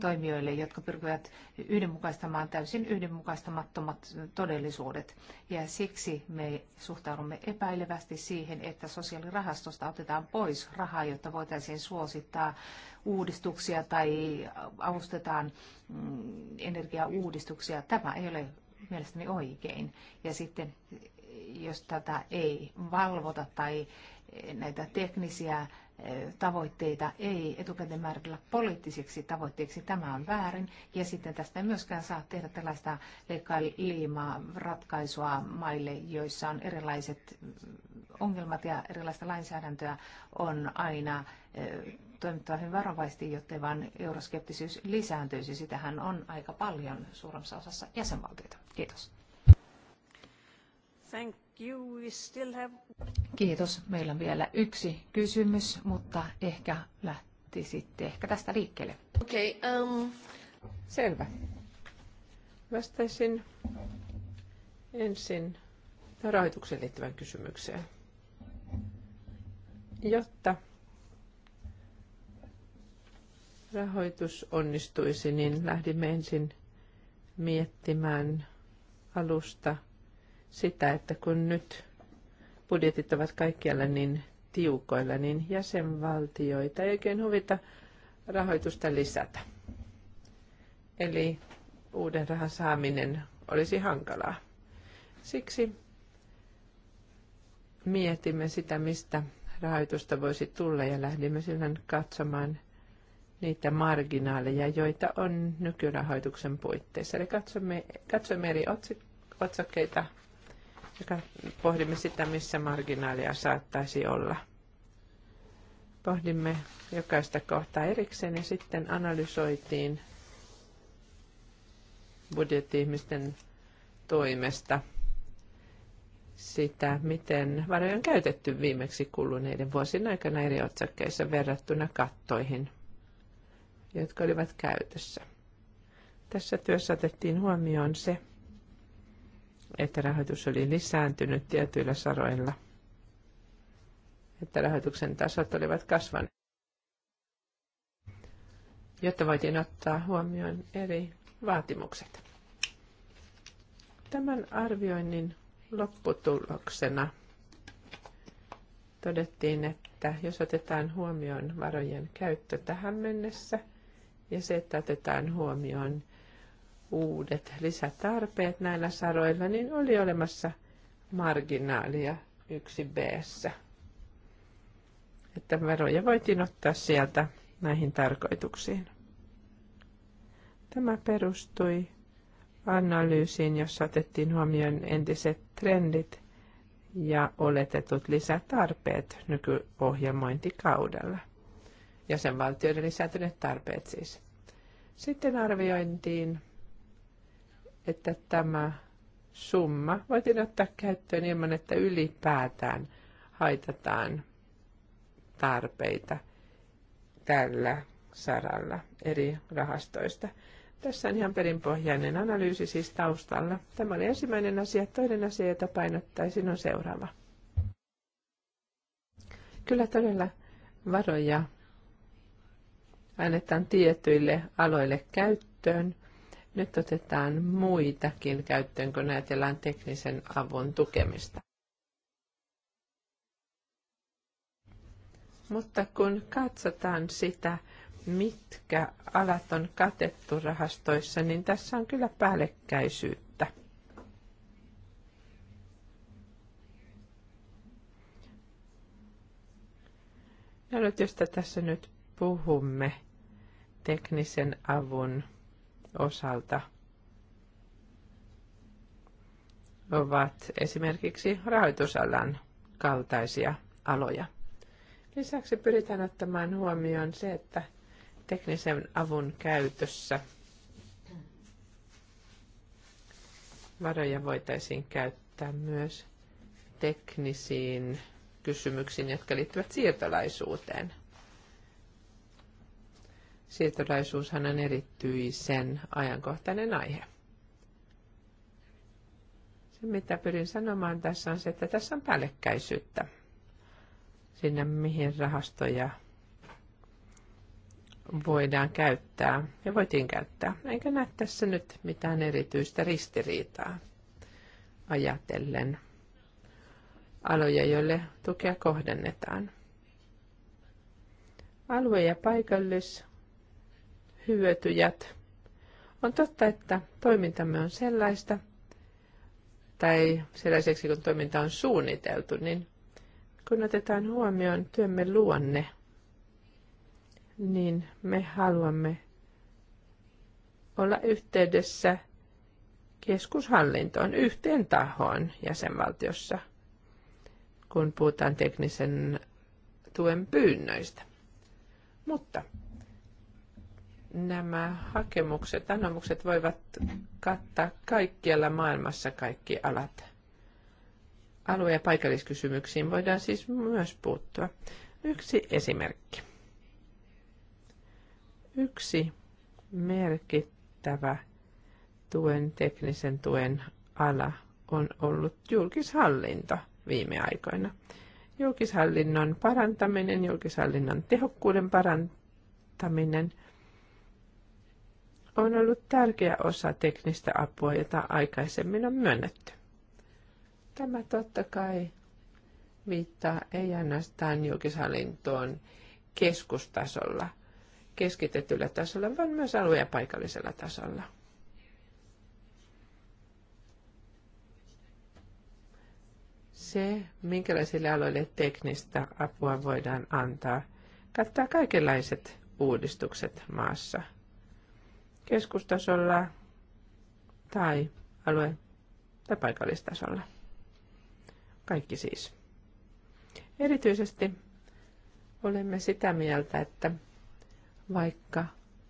Speaker 1: toimijoille, jotka pyrkivät yhdenmukaistamaan täysin yhdenmukaistamattomat todellisuudet. Ja siksi me suhtaudumme epäilevästi siihen, että sosiaalirahastosta otetaan pois rahaa, jotta voitaisiin suosittaa uudistuksia tai avustetaan mm, energiauudistuksia. Tämä ei ole mielestäni oikein. Ja sitten jos tätä ei valvota tai näitä teknisiä tavoitteita ei etukäteen määritellä poliittisiksi tavoitteiksi. Tämä on väärin. Ja sitten tästä ei myöskään saa tehdä tällaista liimaa ratkaisua maille, joissa on erilaiset mm, ongelmat ja erilaista lainsäädäntöä on aina toimittava hyvin varovaisesti, jottei vain euroskeptisyys lisääntyisi. Sitähän on aika paljon suuremmassa osassa jäsenvaltioita. Kiitos. Thank Kiitos. Meillä on vielä yksi kysymys, mutta ehkä lähti sitten ehkä tästä liikkeelle.
Speaker 3: Okei. Okay, um... Selvä. Vastaisin ensin rahoitukseen liittyvän kysymykseen. Jotta rahoitus onnistuisi, niin lähdimme ensin miettimään alusta – sitä, että kun nyt budjetit ovat kaikkialla niin tiukoilla, niin jäsenvaltioita ei oikein huvita rahoitusta lisätä. Eli uuden rahan saaminen olisi hankalaa. Siksi mietimme sitä, mistä rahoitusta voisi tulla ja lähdimme silloin katsomaan niitä marginaaleja, joita on nykyrahoituksen puitteissa. Eli katsomme, katsomme eri otsakkeita ja pohdimme sitä, missä marginaalia saattaisi olla. Pohdimme jokaista kohtaa erikseen ja sitten analysoitiin budjettiihmisten toimesta sitä, miten varoja on käytetty viimeksi kuluneiden vuosien aikana eri otsakkeissa verrattuna kattoihin, jotka olivat käytössä. Tässä työssä otettiin huomioon se, että rahoitus oli lisääntynyt tietyillä saroilla, että rahoituksen tasot olivat kasvaneet, jotta voitiin ottaa huomioon eri vaatimukset. Tämän arvioinnin lopputuloksena todettiin, että jos otetaan huomioon varojen käyttö tähän mennessä ja se, että otetaan huomioon uudet lisätarpeet näillä saroilla, niin oli olemassa marginaalia 1b. Että veroja voitiin ottaa sieltä näihin tarkoituksiin. Tämä perustui analyysiin, jossa otettiin huomioon entiset trendit ja oletetut lisätarpeet nykyohjelmointikaudella. Jäsenvaltioiden lisääntyneet tarpeet siis. Sitten arviointiin että tämä summa voitiin ottaa käyttöön ilman, että ylipäätään haitataan tarpeita tällä saralla eri rahastoista. Tässä on ihan perinpohjainen analyysi siis taustalla. Tämä oli ensimmäinen asia. Toinen asia, jota painottaisin, on seuraava. Kyllä todella varoja annetaan tietyille aloille käyttöön, nyt otetaan muitakin käyttöön, kun ajatellaan teknisen avun tukemista. Mutta kun katsotaan sitä, mitkä alat on katettu rahastoissa, niin tässä on kyllä päällekkäisyyttä. Ja nyt, josta tässä nyt puhumme, teknisen avun osalta ovat esimerkiksi rahoitusalan kaltaisia aloja. Lisäksi pyritään ottamaan huomioon se, että teknisen avun käytössä varoja voitaisiin käyttää myös teknisiin kysymyksiin, jotka liittyvät siirtolaisuuteen. Siirtolaisuushan on erityisen ajankohtainen aihe. Se, mitä pyrin sanomaan tässä on se, että tässä on päällekkäisyyttä sinne, mihin rahastoja voidaan käyttää ja voitiin käyttää. Enkä näe tässä nyt mitään erityistä ristiriitaa ajatellen aloja, joille tukea kohdennetaan. Alue- ja paikallis hyötyjät. On totta, että toimintamme on sellaista, tai sellaiseksi kun toiminta on suunniteltu, niin kun otetaan huomioon työmme luonne, niin me haluamme olla yhteydessä keskushallintoon yhteen tahoon jäsenvaltiossa, kun puhutaan teknisen tuen pyynnöistä. Mutta nämä hakemukset, anomukset voivat kattaa kaikkialla maailmassa kaikki alat. Alue- ja paikalliskysymyksiin voidaan siis myös puuttua. Yksi esimerkki. Yksi merkittävä tuen, teknisen tuen ala on ollut julkishallinto viime aikoina. Julkishallinnon parantaminen, julkishallinnon tehokkuuden parantaminen – on ollut tärkeä osa teknistä apua, jota aikaisemmin on myönnetty. Tämä totta kai viittaa ei ainoastaan julkishallintoon keskustasolla, keskitetyllä tasolla, vaan myös alue- ja paikallisella tasolla. Se, minkälaisille aloille teknistä apua voidaan antaa, kattaa kaikenlaiset uudistukset maassa – keskustasolla tai alue- tai paikallistasolla. Kaikki siis. Erityisesti olemme sitä mieltä, että vaikka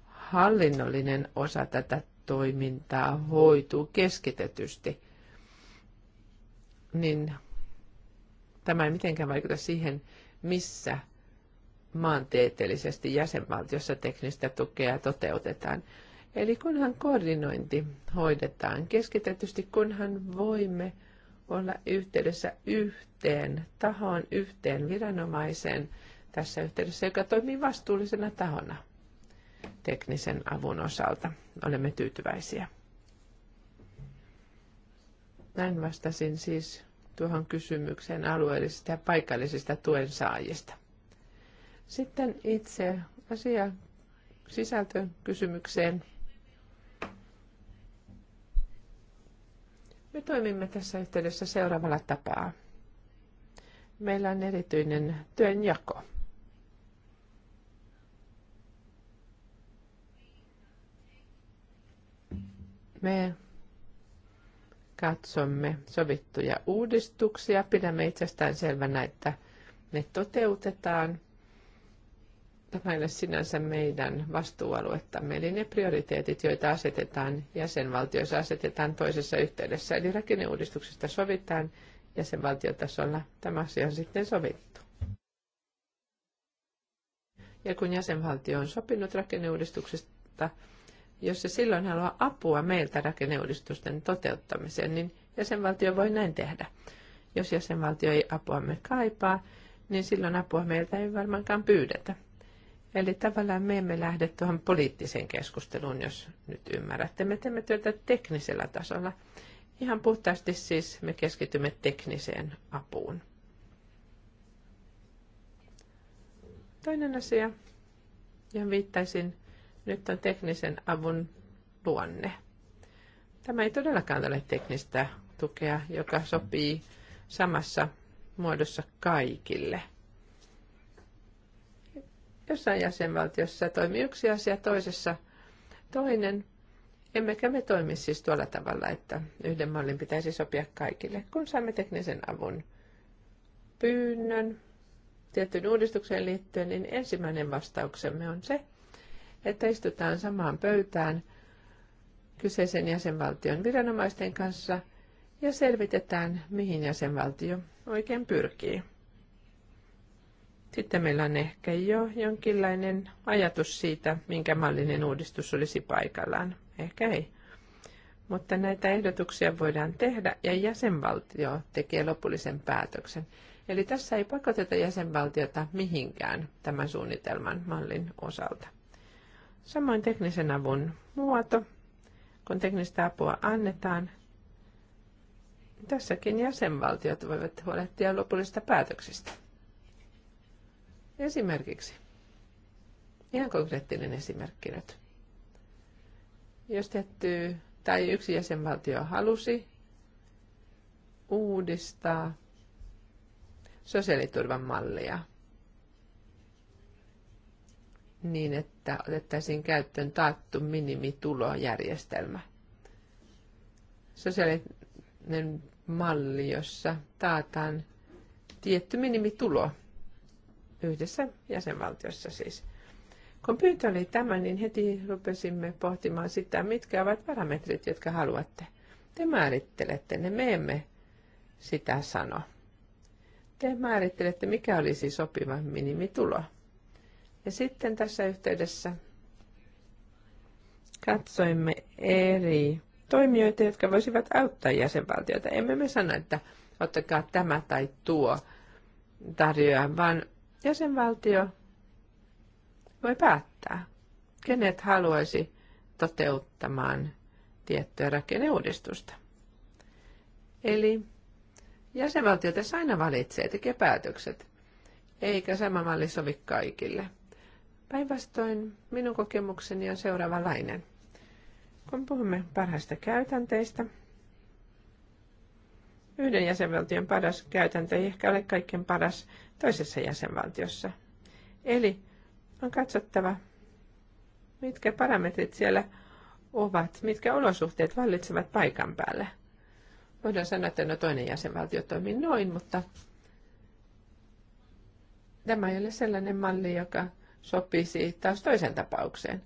Speaker 3: hallinnollinen osa tätä toimintaa hoituu keskitetysti, niin tämä ei mitenkään vaikuta siihen, missä maantieteellisesti jäsenvaltiossa teknistä tukea toteutetaan. Eli kunhan koordinointi hoidetaan keskitetysti, kunhan voimme olla yhteydessä yhteen tahoon, yhteen viranomaiseen tässä yhteydessä, joka toimii vastuullisena tahona teknisen avun osalta. Olemme tyytyväisiä. Näin vastasin siis tuohon kysymykseen alueellisista ja paikallisista tuen saajista. Sitten itse asia sisältökysymykseen. Me toimimme tässä yhteydessä seuraavalla tapaa. Meillä on erityinen työnjako. Me katsomme sovittuja uudistuksia. Pidämme itsestään selvänä, että ne toteutetaan. Tämä ei ole sinänsä meidän vastuualuettamme, eli ne prioriteetit, joita asetetaan jäsenvaltioissa, asetetaan toisessa yhteydessä. Eli rakenneuudistuksesta sovitaan jäsenvaltiotasolla. Tämä asia on sitten sovittu. Ja kun jäsenvaltio on sopinut rakenneuudistuksesta, jos se silloin haluaa apua meiltä rakenneuudistusten toteuttamiseen, niin jäsenvaltio voi näin tehdä. Jos jäsenvaltio ei apuamme kaipaa, niin silloin apua meiltä ei varmaankaan pyydetä. Eli tavallaan me emme lähde tuohon poliittiseen keskusteluun, jos nyt ymmärrätte. Me teemme työtä teknisellä tasolla. Ihan puhtaasti siis me keskitymme tekniseen apuun. Toinen asia, johon viittaisin nyt, on teknisen avun luonne. Tämä ei todellakaan ole teknistä tukea, joka sopii samassa muodossa kaikille – Jossain jäsenvaltiossa toimii yksi asia, toisessa toinen. Emmekä me toimi siis tuolla tavalla, että yhden mallin pitäisi sopia kaikille, kun saamme teknisen avun pyynnön tiettyyn uudistukseen liittyen, niin ensimmäinen vastauksemme on se, että istutaan samaan pöytään kyseisen jäsenvaltion viranomaisten kanssa ja selvitetään, mihin jäsenvaltio oikein pyrkii. Sitten meillä on ehkä jo jonkinlainen ajatus siitä, minkä mallinen uudistus olisi paikallaan. Ehkä ei. Mutta näitä ehdotuksia voidaan tehdä ja jäsenvaltio tekee lopullisen päätöksen. Eli tässä ei pakoteta jäsenvaltiota mihinkään tämän suunnitelman mallin osalta. Samoin teknisen avun muoto, kun teknistä apua annetaan, tässäkin jäsenvaltiot voivat huolehtia lopullisista päätöksistä. Esimerkiksi. Ihan konkreettinen esimerkki nyt. Jos tietty tai yksi jäsenvaltio halusi uudistaa sosiaaliturvan mallia niin, että otettaisiin käyttöön taattu minimitulojärjestelmä. Sosiaalinen malli, jossa taataan tietty minimitulo yhdessä jäsenvaltiossa siis. Kun pyyntö oli tämä, niin heti rupesimme pohtimaan sitä, mitkä ovat parametrit, jotka haluatte. Te määrittelette ne, me emme sitä sano. Te määrittelette, mikä olisi siis sopiva minimitulo. Ja sitten tässä yhteydessä katsoimme eri toimijoita, jotka voisivat auttaa jäsenvaltioita. Emme me sano, että ottakaa tämä tai tuo tarjoaa, vaan Jäsenvaltio voi päättää, kenet haluaisi toteuttamaan tiettyä rakenneuudistusta. Eli jäsenvaltio tässä aina valitsee, tekee päätökset, eikä sama malli sovi kaikille. Päinvastoin minun kokemukseni on seuraavanlainen. Kun puhumme parhaista käytänteistä, yhden jäsenvaltion paras käytäntö ei ehkä ole kaikkein paras toisessa jäsenvaltiossa. Eli on katsottava, mitkä parametrit siellä ovat, mitkä olosuhteet vallitsevat paikan päällä. Voidaan sanoa, että no toinen jäsenvaltio toimii noin, mutta tämä ei ole sellainen malli, joka sopisi taas toisen tapaukseen.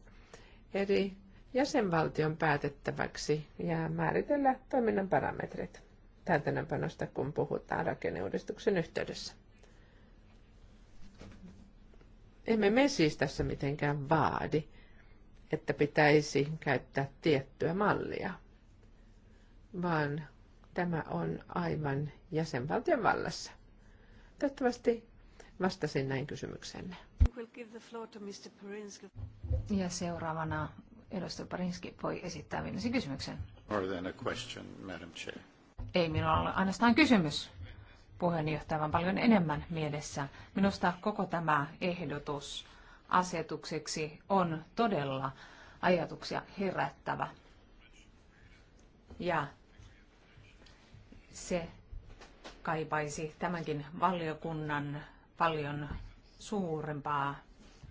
Speaker 3: Eli jäsenvaltion päätettäväksi ja määritellä toiminnan parametrit täytännönpanosta, kun puhutaan rakenneuudistuksen yhteydessä. Emme me siis tässä mitenkään vaadi, että pitäisi käyttää tiettyä mallia, vaan tämä on aivan jäsenvaltion
Speaker 1: vallassa. Toivottavasti vastasin näin kysymyksenne. Ja seuraavana edustaja Parinski voi esittää viimeisen kysymyksen. Or a question, Madam Chair. Ei minulla ole ainoastaan kysymys puheenjohtajan paljon enemmän mielessä. Minusta koko tämä ehdotus asetukseksi on todella ajatuksia herättävä. Ja se kaipaisi tämänkin valiokunnan paljon suurempaa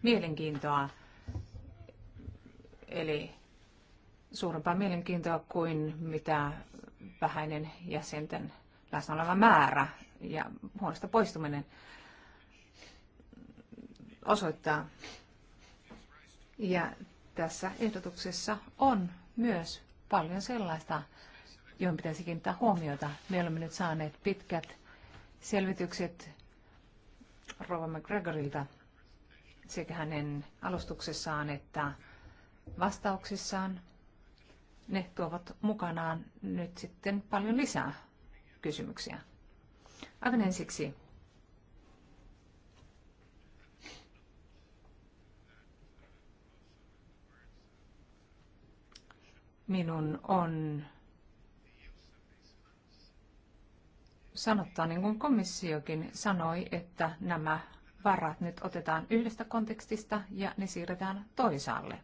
Speaker 1: mielenkiintoa, eli suurempaa mielenkiintoa kuin mitä vähäinen jäsenten läsnä oleva määrä ja huonosta poistuminen osoittaa. Ja tässä ehdotuksessa on myös paljon sellaista, johon pitäisi kiinnittää huomiota. Me olemme nyt saaneet pitkät selvitykset Rova McGregorilta sekä hänen alustuksessaan että vastauksissaan. Ne tuovat mukanaan nyt sitten paljon lisää kysymyksiä. Aivan ensiksi. Minun on sanottaa, niin kuin komissiokin sanoi, että nämä varat nyt otetaan yhdestä kontekstista ja ne siirretään toisaalle.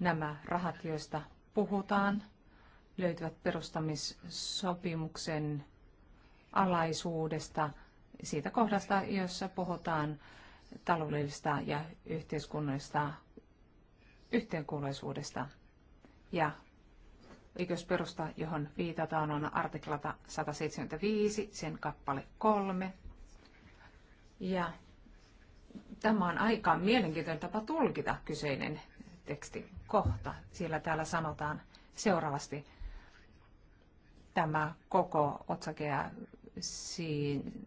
Speaker 1: Nämä rahat, joista puhutaan, löytyvät perustamissopimuksen alaisuudesta, siitä kohdasta, jossa puhutaan taloudellista ja yhteiskunnallista yhteenkuuluisuudesta. Ja oikeusperusta, johon viitataan, on artiklata 175, sen kappale 3. Ja tämä on aika mielenkiintoinen tapa tulkita kyseinen tekstikohta, sillä täällä sanotaan seuraavasti – tämä koko otsake ja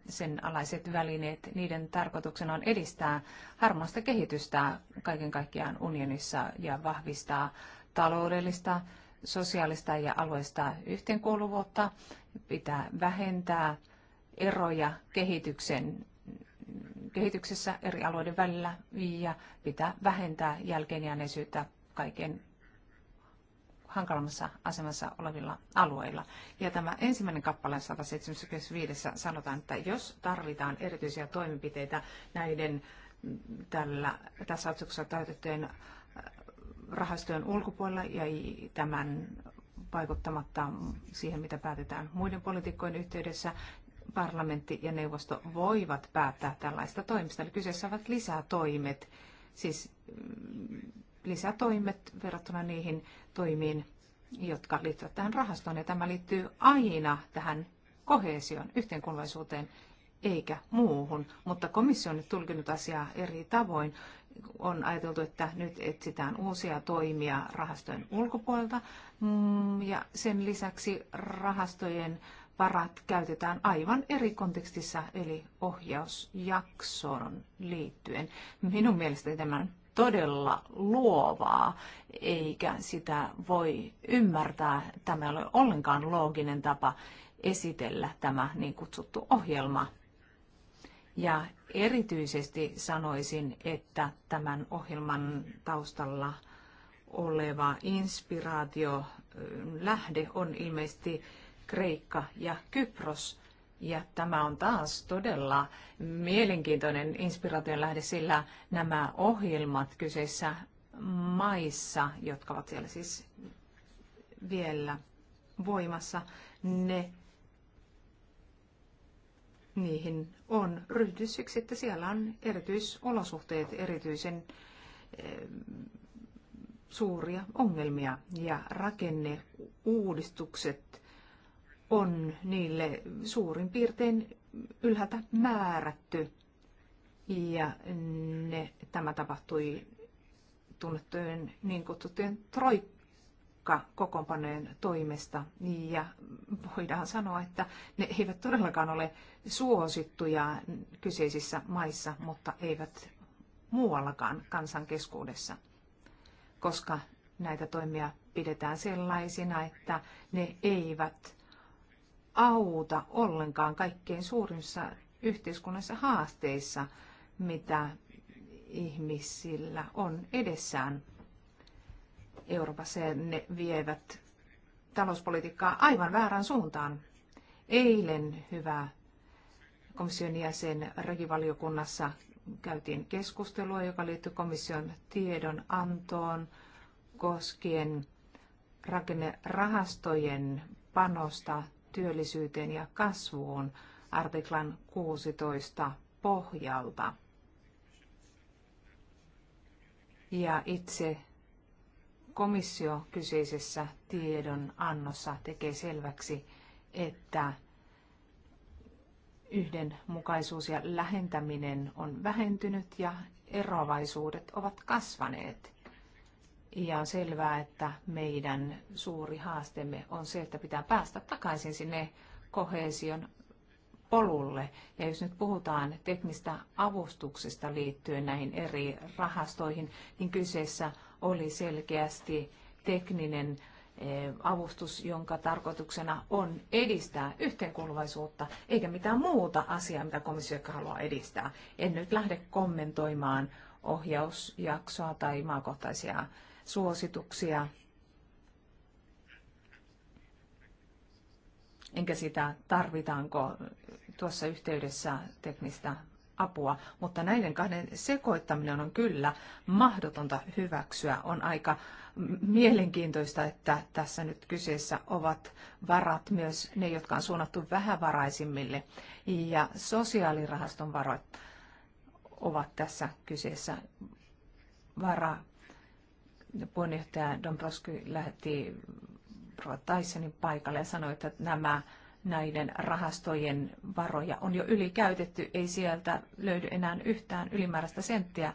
Speaker 1: sen alaiset välineet, niiden tarkoituksena on edistää harmaasta kehitystä kaiken kaikkiaan unionissa ja vahvistaa taloudellista, sosiaalista ja alueista yhteenkuuluvuutta, pitää vähentää eroja kehityksen kehityksessä eri alueiden välillä ja pitää vähentää jälkeenjääneisyyttä kaiken hankalammassa asemassa olevilla alueilla. Ja tämä ensimmäinen kappale 175 sanotaan, että jos tarvitaan erityisiä toimenpiteitä näiden mm, tällä, tässä otsuksessa täytettyjen äh, rahastojen ulkopuolella ja tämän vaikuttamatta siihen, mitä päätetään muiden poliitikkojen yhteydessä, parlamentti ja neuvosto voivat päättää tällaista toimista. Eli kyseessä ovat lisätoimet, siis mm, lisätoimet verrattuna niihin toimiin, jotka liittyvät tähän rahastoon. Ja tämä liittyy aina tähän kohesioon, yhteenkuuluvaisuuteen eikä muuhun. Mutta komissio on nyt tulkinut asiaa eri tavoin. On ajateltu, että nyt etsitään uusia toimia rahastojen ulkopuolelta mm, ja sen lisäksi rahastojen varat käytetään aivan eri kontekstissa eli ohjausjaksoon liittyen. Minun mielestäni tämän todella luovaa, eikä sitä voi ymmärtää. Tämä ei ole ollenkaan looginen tapa esitellä tämä niin kutsuttu ohjelma. Ja erityisesti sanoisin, että tämän ohjelman taustalla oleva inspiraatio lähde on ilmeisesti Kreikka ja Kypros, ja tämä on taas todella mielenkiintoinen inspiraation lähde, sillä nämä ohjelmat kyseessä maissa, jotka ovat siellä siis vielä voimassa, ne niihin on ryhdytty siksi, että siellä on erityisolosuhteet, erityisen eh, suuria ongelmia ja rakenneuudistukset on niille suurin piirtein ylhäältä määrätty. Ja ne, tämä tapahtui tunnettujen niin kutsuttujen troikka-kokoonpanojen toimesta. Ja voidaan sanoa, että ne eivät todellakaan ole suosittuja kyseisissä maissa, mutta eivät muuallakaan kansan keskuudessa, koska näitä toimia pidetään sellaisina, että ne eivät auta ollenkaan kaikkein suurimmissa yhteiskunnassa haasteissa, mitä ihmisillä on edessään Euroopassa. ne vievät talouspolitiikkaa aivan väärään suuntaan. Eilen hyvä komission jäsen regivaliokunnassa käytiin keskustelua, joka liittyy komission tiedonantoon koskien rakennerahastojen panosta työllisyyteen ja kasvuun artiklan 16 pohjalta. Ja itse komissio kyseisessä annossa tekee selväksi, että yhdenmukaisuus ja lähentäminen on vähentynyt ja eroavaisuudet ovat kasvaneet. Ja on selvää, että meidän suuri haasteemme on se, että pitää päästä takaisin sinne kohesion polulle. Ja jos nyt puhutaan teknistä avustuksesta liittyen näihin eri rahastoihin, niin kyseessä oli selkeästi tekninen eh, avustus, jonka tarkoituksena on edistää yhteenkuuluvaisuutta, eikä mitään muuta asiaa, mitä komissio haluaa edistää. En nyt lähde kommentoimaan ohjausjaksoa tai maakohtaisia suosituksia, enkä sitä tarvitaanko tuossa yhteydessä teknistä apua, mutta näiden kahden sekoittaminen on kyllä mahdotonta hyväksyä. On aika mielenkiintoista, että tässä nyt kyseessä ovat varat myös ne, jotka on suunnattu vähävaraisimmille ja sosiaalirahaston varat ovat tässä kyseessä vara puheenjohtaja Dombrovski lähetti Tysonin paikalle ja sanoi, että nämä näiden rahastojen varoja on jo ylikäytetty, ei sieltä löydy enää yhtään ylimääräistä senttiä,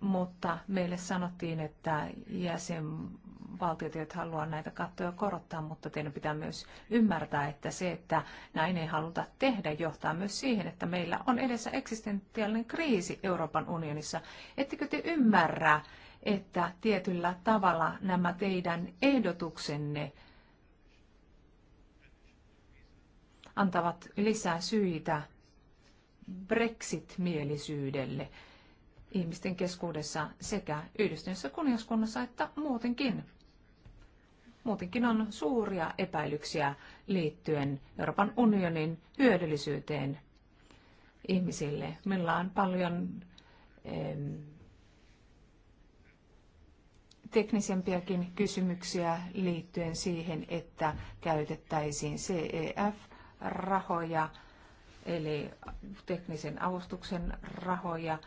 Speaker 1: mutta meille sanottiin, että jäsenvaltiot eivät halua näitä kattoja korottaa, mutta teidän pitää myös ymmärtää, että se, että näin ei haluta tehdä, johtaa myös siihen, että meillä on edessä eksistentiaalinen kriisi Euroopan unionissa. Ettekö te ymmärrä, että tietyllä tavalla nämä teidän ehdotuksenne antavat lisää syitä Brexit-mielisyydelle ihmisten keskuudessa sekä yhdistyneessä kuningaskunnassa että muutenkin. Muutenkin on suuria epäilyksiä liittyen Euroopan unionin hyödyllisyyteen ihmisille. Meillä on paljon teknisempiäkin kysymyksiä liittyen siihen, että käytettäisiin CEF-rahoja, eli teknisen avustuksen rahoja.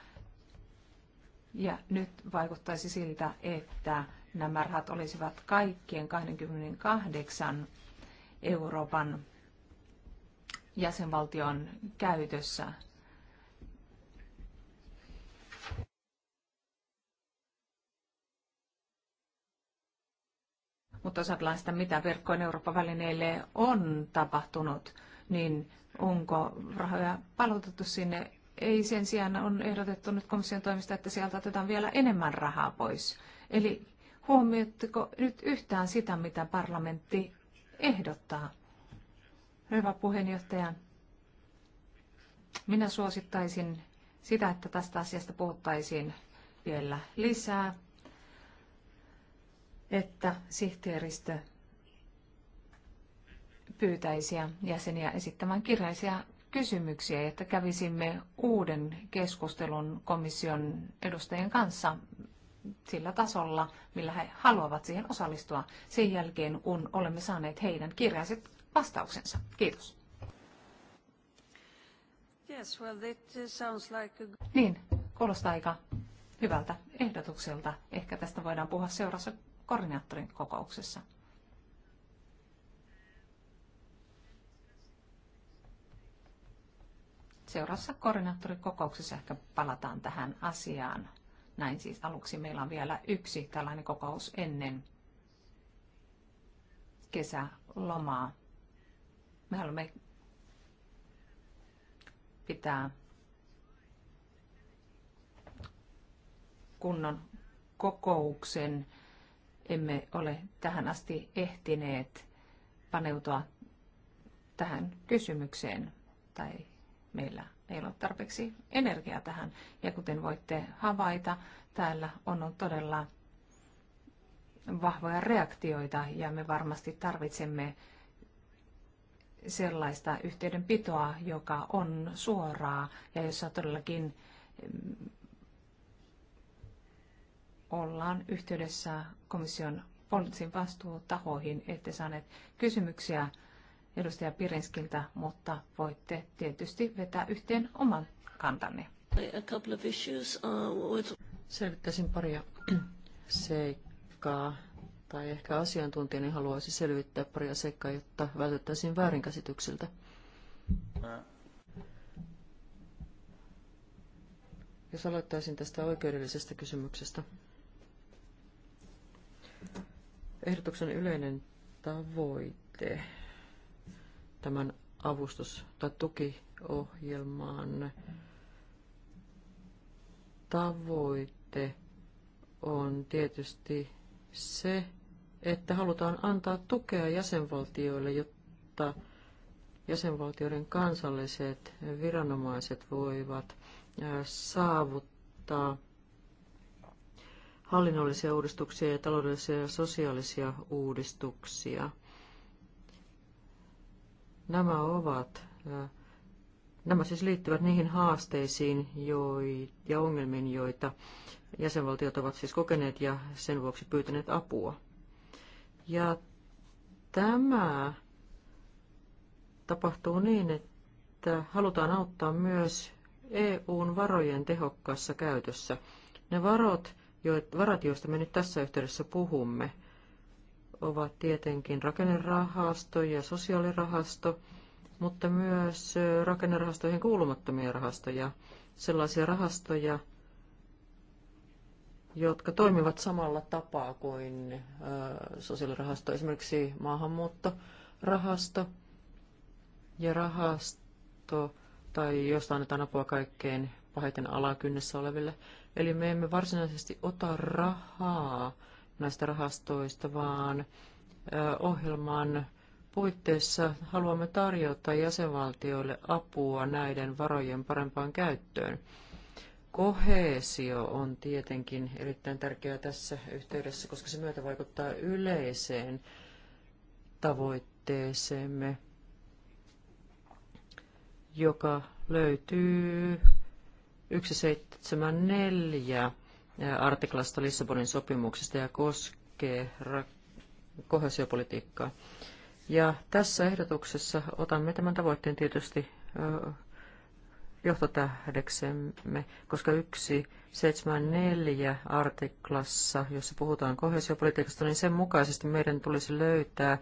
Speaker 1: Ja nyt vaikuttaisi siltä, että nämä rahat olisivat kaikkien 28 Euroopan jäsenvaltion käytössä mutta ajatellaan sitä, mitä verkkojen Euroopan välineille on tapahtunut, niin onko rahoja palautettu sinne? Ei sen sijaan on ehdotettu nyt komission toimista, että sieltä otetaan vielä enemmän rahaa pois. Eli huomioitteko nyt yhtään sitä, mitä parlamentti ehdottaa? Hyvä puheenjohtaja, minä suosittaisin sitä, että tästä asiasta puhuttaisiin vielä lisää että sihteeristö pyytäisi jäseniä esittämään kirjallisia kysymyksiä, että kävisimme uuden keskustelun komission edustajien kanssa sillä tasolla, millä he haluavat siihen osallistua sen jälkeen, kun olemme saaneet heidän kirjaiset vastauksensa. Kiitos.
Speaker 2: Yes, well, like a...
Speaker 1: Niin, kuulostaa aika hyvältä ehdotukselta. Ehkä tästä voidaan puhua seuraavassa koordinaattorin kokouksessa. Seuraavassa koordinaattorikokouksessa ehkä palataan tähän asiaan. Näin siis aluksi meillä on vielä yksi tällainen kokous ennen kesälomaa. Me haluamme pitää kunnon kokouksen emme ole tähän asti ehtineet paneutua tähän kysymykseen tai meillä ei ole tarpeeksi energiaa tähän. Ja kuten voitte havaita, täällä on todella vahvoja reaktioita ja me varmasti tarvitsemme sellaista yhteydenpitoa, joka on suoraa ja jossa todellakin ollaan yhteydessä komission poliittisiin vastuutahoihin. Ette saaneet kysymyksiä edustaja Pirinskiltä, mutta voitte tietysti vetää yhteen oman kantanne.
Speaker 2: Uh, Selvittäisin
Speaker 1: paria seikkaa,
Speaker 2: tai ehkä asiantuntijani haluaisi selvittää paria seikkaa, jotta vältyttäisiin väärinkäsityksiltä. Jos aloittaisin tästä oikeudellisesta kysymyksestä. Ehdotuksen yleinen tavoite tämän avustus- tai tukiohjelman tavoite on tietysti se, että halutaan antaa tukea jäsenvaltioille, jotta jäsenvaltioiden kansalliset viranomaiset voivat saavuttaa hallinnollisia uudistuksia ja taloudellisia ja sosiaalisia uudistuksia. Nämä ovat, nämä siis liittyvät niihin haasteisiin ja ongelmiin, joita jäsenvaltiot ovat siis kokeneet ja sen vuoksi pyytäneet apua. Ja tämä tapahtuu niin, että halutaan auttaa myös EUn varojen tehokkaassa käytössä. Ne varot, varat, joista me nyt tässä yhteydessä puhumme, ovat tietenkin rakennerahasto ja sosiaalirahasto, mutta myös rakennerahastoihin kuulumattomia rahastoja, sellaisia rahastoja, jotka toimivat samalla tapaa kuin sosiaalirahasto, esimerkiksi maahanmuuttorahasto ja rahasto, tai josta annetaan apua kaikkein pahiten alakynnessä oleville. Eli me emme varsinaisesti ota rahaa näistä rahastoista, vaan ohjelman puitteissa haluamme tarjota jäsenvaltioille apua näiden varojen parempaan käyttöön. Kohesio on tietenkin erittäin tärkeää tässä yhteydessä, koska se myötä vaikuttaa yleiseen tavoitteeseemme, joka löytyy 174 artiklasta Lissabonin sopimuksesta ja koskee kohesiopolitiikkaa. Ja tässä ehdotuksessa otamme tämän tavoitteen tietysti johtotähdeksemme, koska yksi 74 artiklassa, jossa puhutaan kohesiopolitiikasta, niin sen mukaisesti meidän tulisi löytää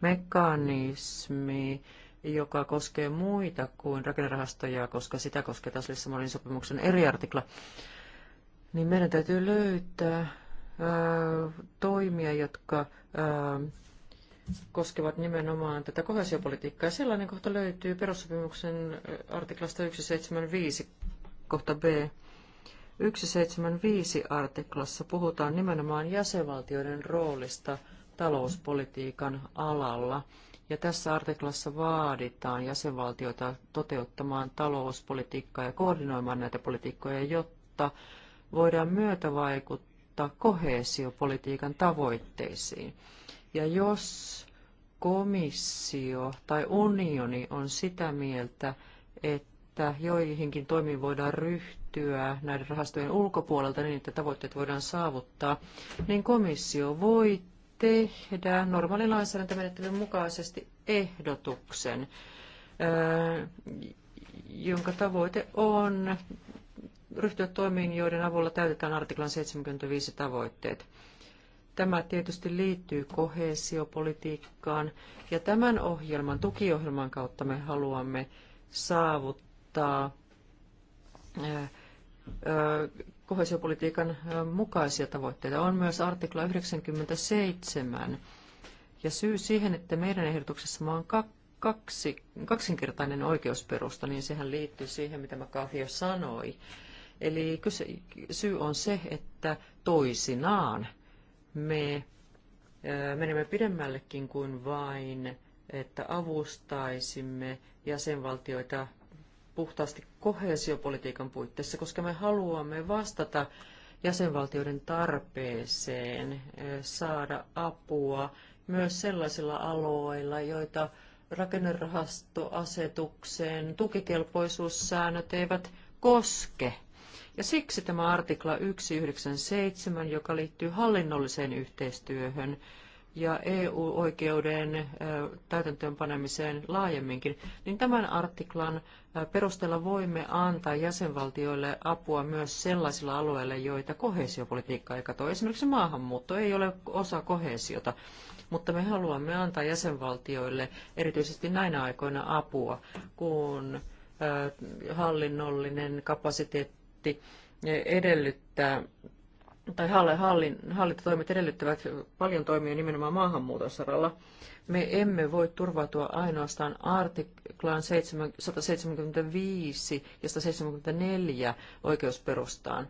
Speaker 2: mekanismi, joka koskee muita kuin rakennerahastoja, koska sitä koskee taas Lissabonin sopimuksen eri artikla, niin meidän täytyy löytää ää, toimia, jotka ää, koskevat nimenomaan tätä kohesiopolitiikkaa. Sellainen kohta löytyy perussopimuksen artiklasta 175 kohta B. 175 artiklassa puhutaan nimenomaan jäsenvaltioiden roolista talouspolitiikan alalla ja tässä artiklassa vaaditaan jäsenvaltioita toteuttamaan talouspolitiikkaa ja koordinoimaan näitä politiikkoja, jotta voidaan myötävaikuttaa koheesiopolitiikan tavoitteisiin. Ja jos komissio tai unioni on sitä mieltä, että joihinkin toimiin voidaan ryhtyä näiden rahastojen ulkopuolelta niin, että tavoitteet voidaan saavuttaa, niin komissio voi tehdä normaalin lainsäädäntömenettelyn mukaisesti ehdotuksen, jonka tavoite on ryhtyä toimiin, joiden avulla täytetään artiklan 75 tavoitteet. Tämä tietysti liittyy kohesiopolitiikkaan ja tämän ohjelman, tukiohjelman kautta me haluamme saavuttaa kohesiopolitiikan mukaisia tavoitteita. On myös artikla 97. Ja syy siihen, että meidän ehdotuksessamme on kaksi, kaksinkertainen oikeusperusta, niin sehän liittyy siihen, mitä mä jo sanoi. Eli kyse, syy on se, että toisinaan me menemme pidemmällekin kuin vain, että avustaisimme jäsenvaltioita puhtaasti kohesiopolitiikan puitteissa, koska me haluamme vastata jäsenvaltioiden tarpeeseen eh, saada apua myös sellaisilla aloilla, joita rakennerahastoasetuksen tukikelpoisuussäännöt eivät koske. Ja siksi tämä artikla 197, joka liittyy hallinnolliseen yhteistyöhön, ja EU-oikeuden täytäntöönpanemiseen laajemminkin, niin tämän artiklan perusteella voimme antaa jäsenvaltioille apua myös sellaisilla alueilla, joita kohesiopolitiikka ei katoa. Esimerkiksi maahanmuutto ei ole osa kohesiota, mutta me haluamme antaa jäsenvaltioille erityisesti näinä aikoina apua, kun hallinnollinen kapasiteetti edellyttää tai hallin, hallintotoimet edellyttävät paljon toimia nimenomaan maahanmuuton saralla. Me emme voi turvautua ainoastaan artiklaan 175 ja 174 oikeusperustaan.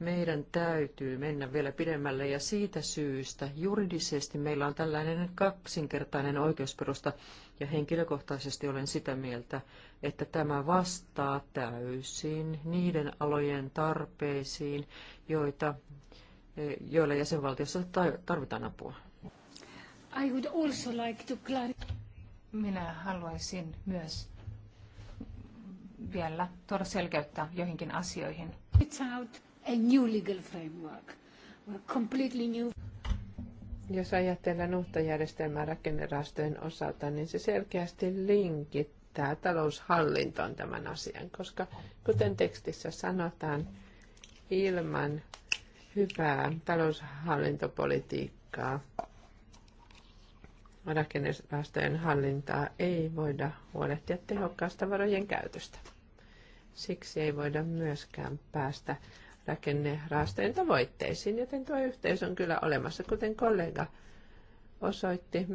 Speaker 2: Meidän täytyy mennä vielä pidemmälle ja siitä syystä juridisesti meillä on tällainen kaksinkertainen oikeusperusta ja henkilökohtaisesti olen sitä mieltä, että tämä vastaa täysin niiden alojen tarpeisiin, joita joilla jäsenvaltiossa tarvitaan apua.
Speaker 1: I would also like to Minä haluaisin myös vielä tuoda selkeyttä joihinkin asioihin. It's out a new legal framework. completely new. Jos
Speaker 3: ajatellaan uutta järjestelmää rakennerastojen osalta, niin se selkeästi linkittää taloushallintoon tämän asian, koska kuten tekstissä sanotaan, ilman hyvää taloushallintopolitiikkaa. Rakennepäästöjen hallintaa ei voida huolehtia tehokkaasta varojen käytöstä. Siksi ei voida myöskään päästä rakennerahastojen tavoitteisiin, joten tuo yhteys on kyllä olemassa, kuten kollega osoitti.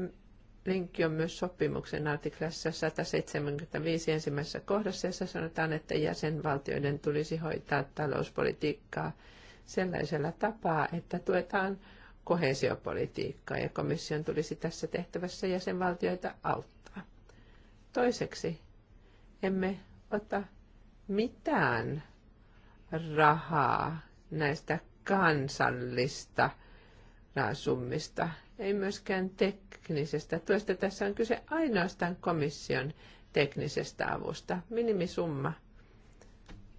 Speaker 3: Linkki on myös sopimuksen artiklassa 175 ensimmäisessä kohdassa, jossa sanotaan, että jäsenvaltioiden tulisi hoitaa talouspolitiikkaa – sellaisella tapaa, että tuetaan kohesiopolitiikkaa ja komission tulisi tässä tehtävässä jäsenvaltioita auttaa. Toiseksi, emme ota mitään rahaa näistä kansallista summista, ei myöskään teknisestä tuesta. Tässä on kyse ainoastaan komission teknisestä avusta. Minimisumma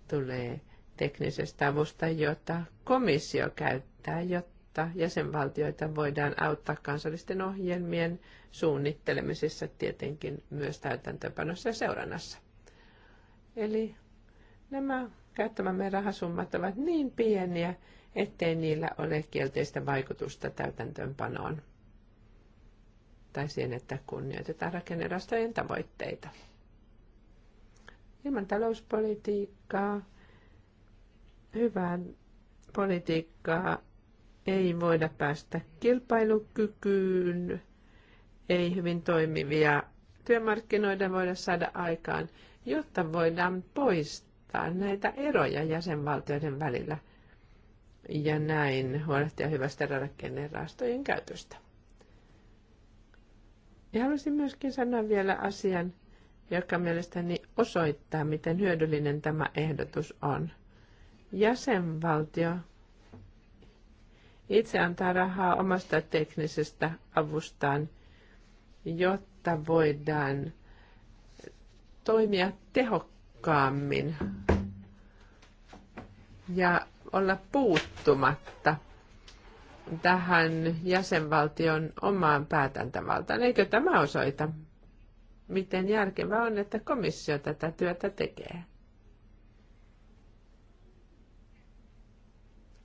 Speaker 3: tulee teknisestä avusta, jota komissio käyttää, jotta jäsenvaltioita voidaan auttaa kansallisten ohjelmien suunnittelemisessa, tietenkin myös täytäntöönpanossa ja seurannassa. Eli nämä käyttämämme rahasummat ovat niin pieniä, ettei niillä ole kielteistä vaikutusta täytäntöönpanoon tai siihen, että kunnioitetaan rakennerastojen tavoitteita. Ilman talouspolitiikkaa hyvään politiikkaa ei voida päästä kilpailukykyyn, ei hyvin toimivia työmarkkinoita voida saada aikaan, jotta voidaan poistaa näitä eroja jäsenvaltioiden välillä ja näin huolehtia hyvästä rakennerahastojen käytöstä. Ja haluaisin myöskin sanoa vielä asian, joka mielestäni osoittaa, miten hyödyllinen tämä ehdotus on – jäsenvaltio itse antaa rahaa omasta teknisestä avustaan, jotta voidaan toimia tehokkaammin ja olla puuttumatta tähän jäsenvaltion omaan päätäntävaltaan. Eikö tämä osoita, miten järkevää on, että komissio tätä työtä tekee?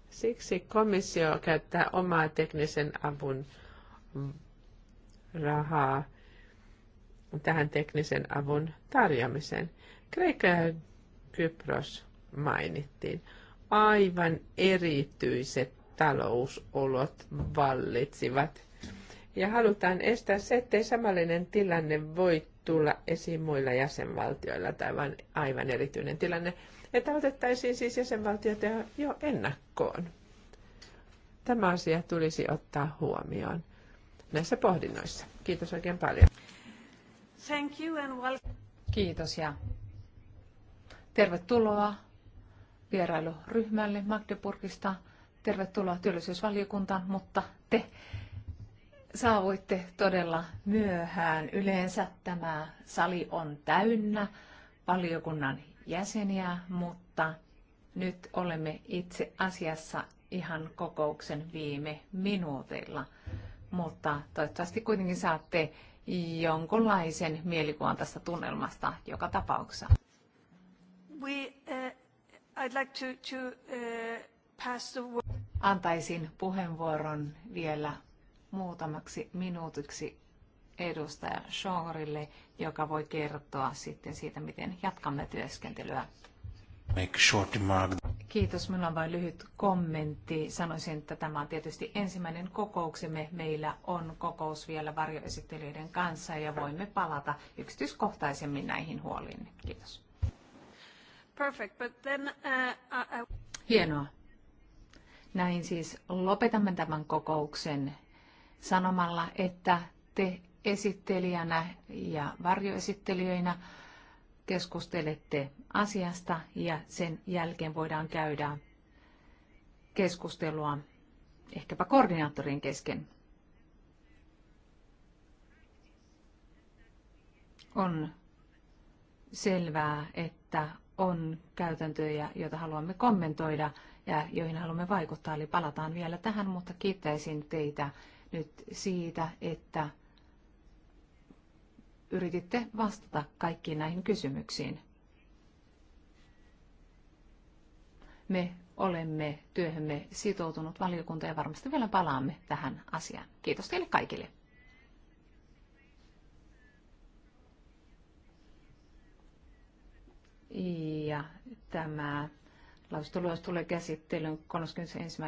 Speaker 3: Siksi komissio käyttää omaa teknisen avun rahaa tähän teknisen avun tarjoamiseen. Kreikka ja Kypros mainittiin. Aivan erityiset talousolot vallitsivat. Ja halutaan estää se, ettei samanlainen tilanne voi tulla esiin muilla jäsenvaltioilla tai vain aivan erityinen tilanne. Ne täytettäisiin siis jäsenvaltiot jo ennakkoon. Tämä asia tulisi ottaa huomioon
Speaker 1: näissä pohdinnoissa. Kiitos oikein paljon. Thank you and well... Kiitos ja tervetuloa vierailuryhmälle Magdeburgista. Tervetuloa työllisyysvaliokuntaan, mutta te saavuitte todella myöhään. Yleensä tämä sali on täynnä valiokunnan jäseniä, mutta nyt olemme itse asiassa ihan kokouksen viime minuuteilla. Mutta toivottavasti kuitenkin saatte jonkunlaisen mielikuvan tästä tunnelmasta joka tapauksessa. We, uh, I'd like to, to, uh, pass the... Antaisin puheenvuoron vielä muutamaksi minuutiksi edustaja Shorille, joka voi kertoa sitten siitä, miten jatkamme työskentelyä. Kiitos. Minulla on vain lyhyt kommentti. Sanoisin, että tämä on tietysti ensimmäinen kokouksemme. Meillä on kokous vielä varjoesittelijöiden kanssa ja voimme palata yksityiskohtaisemmin näihin huoliin. Kiitos. Perfect, but then, uh, I... Hienoa. Näin siis lopetamme tämän kokouksen sanomalla, että te esittelijänä ja varjoesittelijöinä keskustelette asiasta ja sen jälkeen voidaan käydä keskustelua ehkäpä koordinaattorin kesken. On selvää, että on käytäntöjä, joita haluamme kommentoida ja joihin haluamme vaikuttaa, eli palataan vielä tähän, mutta kiittäisin teitä nyt siitä, että yrititte vastata kaikkiin näihin kysymyksiin. Me olemme työhömme sitoutunut valiokunta ja varmasti vielä palaamme tähän asiaan. Kiitos teille kaikille. Ja tämä lausuntoluos tulee käsittelyyn 31.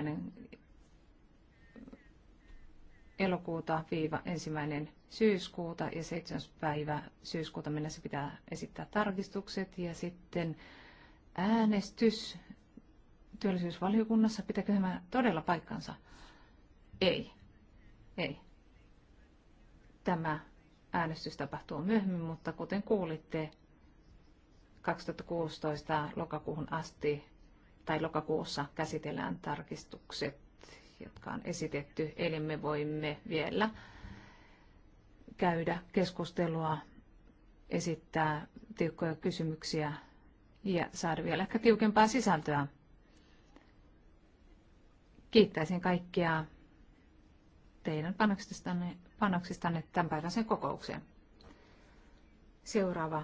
Speaker 1: elokuuta viiva ensimmäinen syyskuuta ja 7. päivä syyskuuta mennessä pitää esittää tarkistukset ja sitten äänestys työllisyysvaliokunnassa. Pitääkö tämä todella paikkansa? Ei. Ei. Tämä äänestys tapahtuu myöhemmin, mutta kuten kuulitte, 2016 lokakuuhun asti tai lokakuussa käsitellään tarkistukset, jotka on esitetty, eli me voimme vielä käydä keskustelua, esittää tiukkoja kysymyksiä ja saada vielä ehkä tiukempaa sisältöä. Kiittäisin kaikkia teidän panoksistanne, panoksistanne tämän päiväisen kokoukseen. Seuraava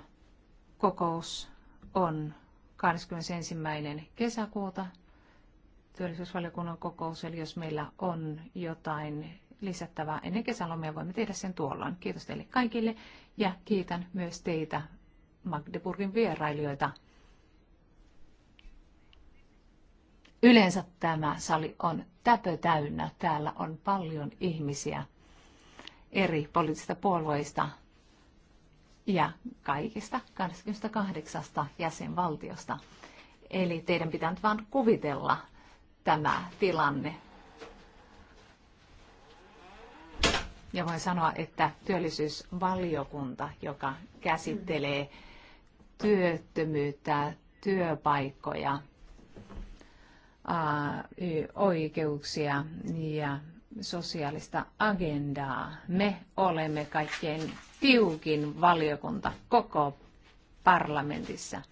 Speaker 1: kokous on 21. kesäkuuta työllisyysvaliokunnan kokous, eli jos meillä on jotain lisättävää ennen kesälomia. Voimme tehdä sen tuolloin. Kiitos teille kaikille ja kiitän myös teitä Magdeburgin vierailijoita. Yleensä tämä sali on täpö täynnä. Täällä on paljon ihmisiä eri poliittisista puolueista ja kaikista 28 jäsenvaltiosta. Eli teidän pitää nyt vain kuvitella tämä tilanne Ja voin sanoa, että työllisyysvaliokunta, joka käsittelee työttömyyttä, työpaikkoja, oikeuksia ja sosiaalista agendaa. Me olemme kaikkein tiukin valiokunta koko parlamentissa –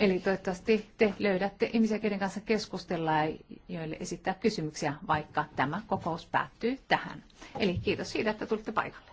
Speaker 1: Eli toivottavasti te löydätte ihmisiä, kenen kanssa keskustellaan ja joille esittää kysymyksiä, vaikka tämä kokous päättyy tähän. Eli kiitos siitä, että tulitte paikalle.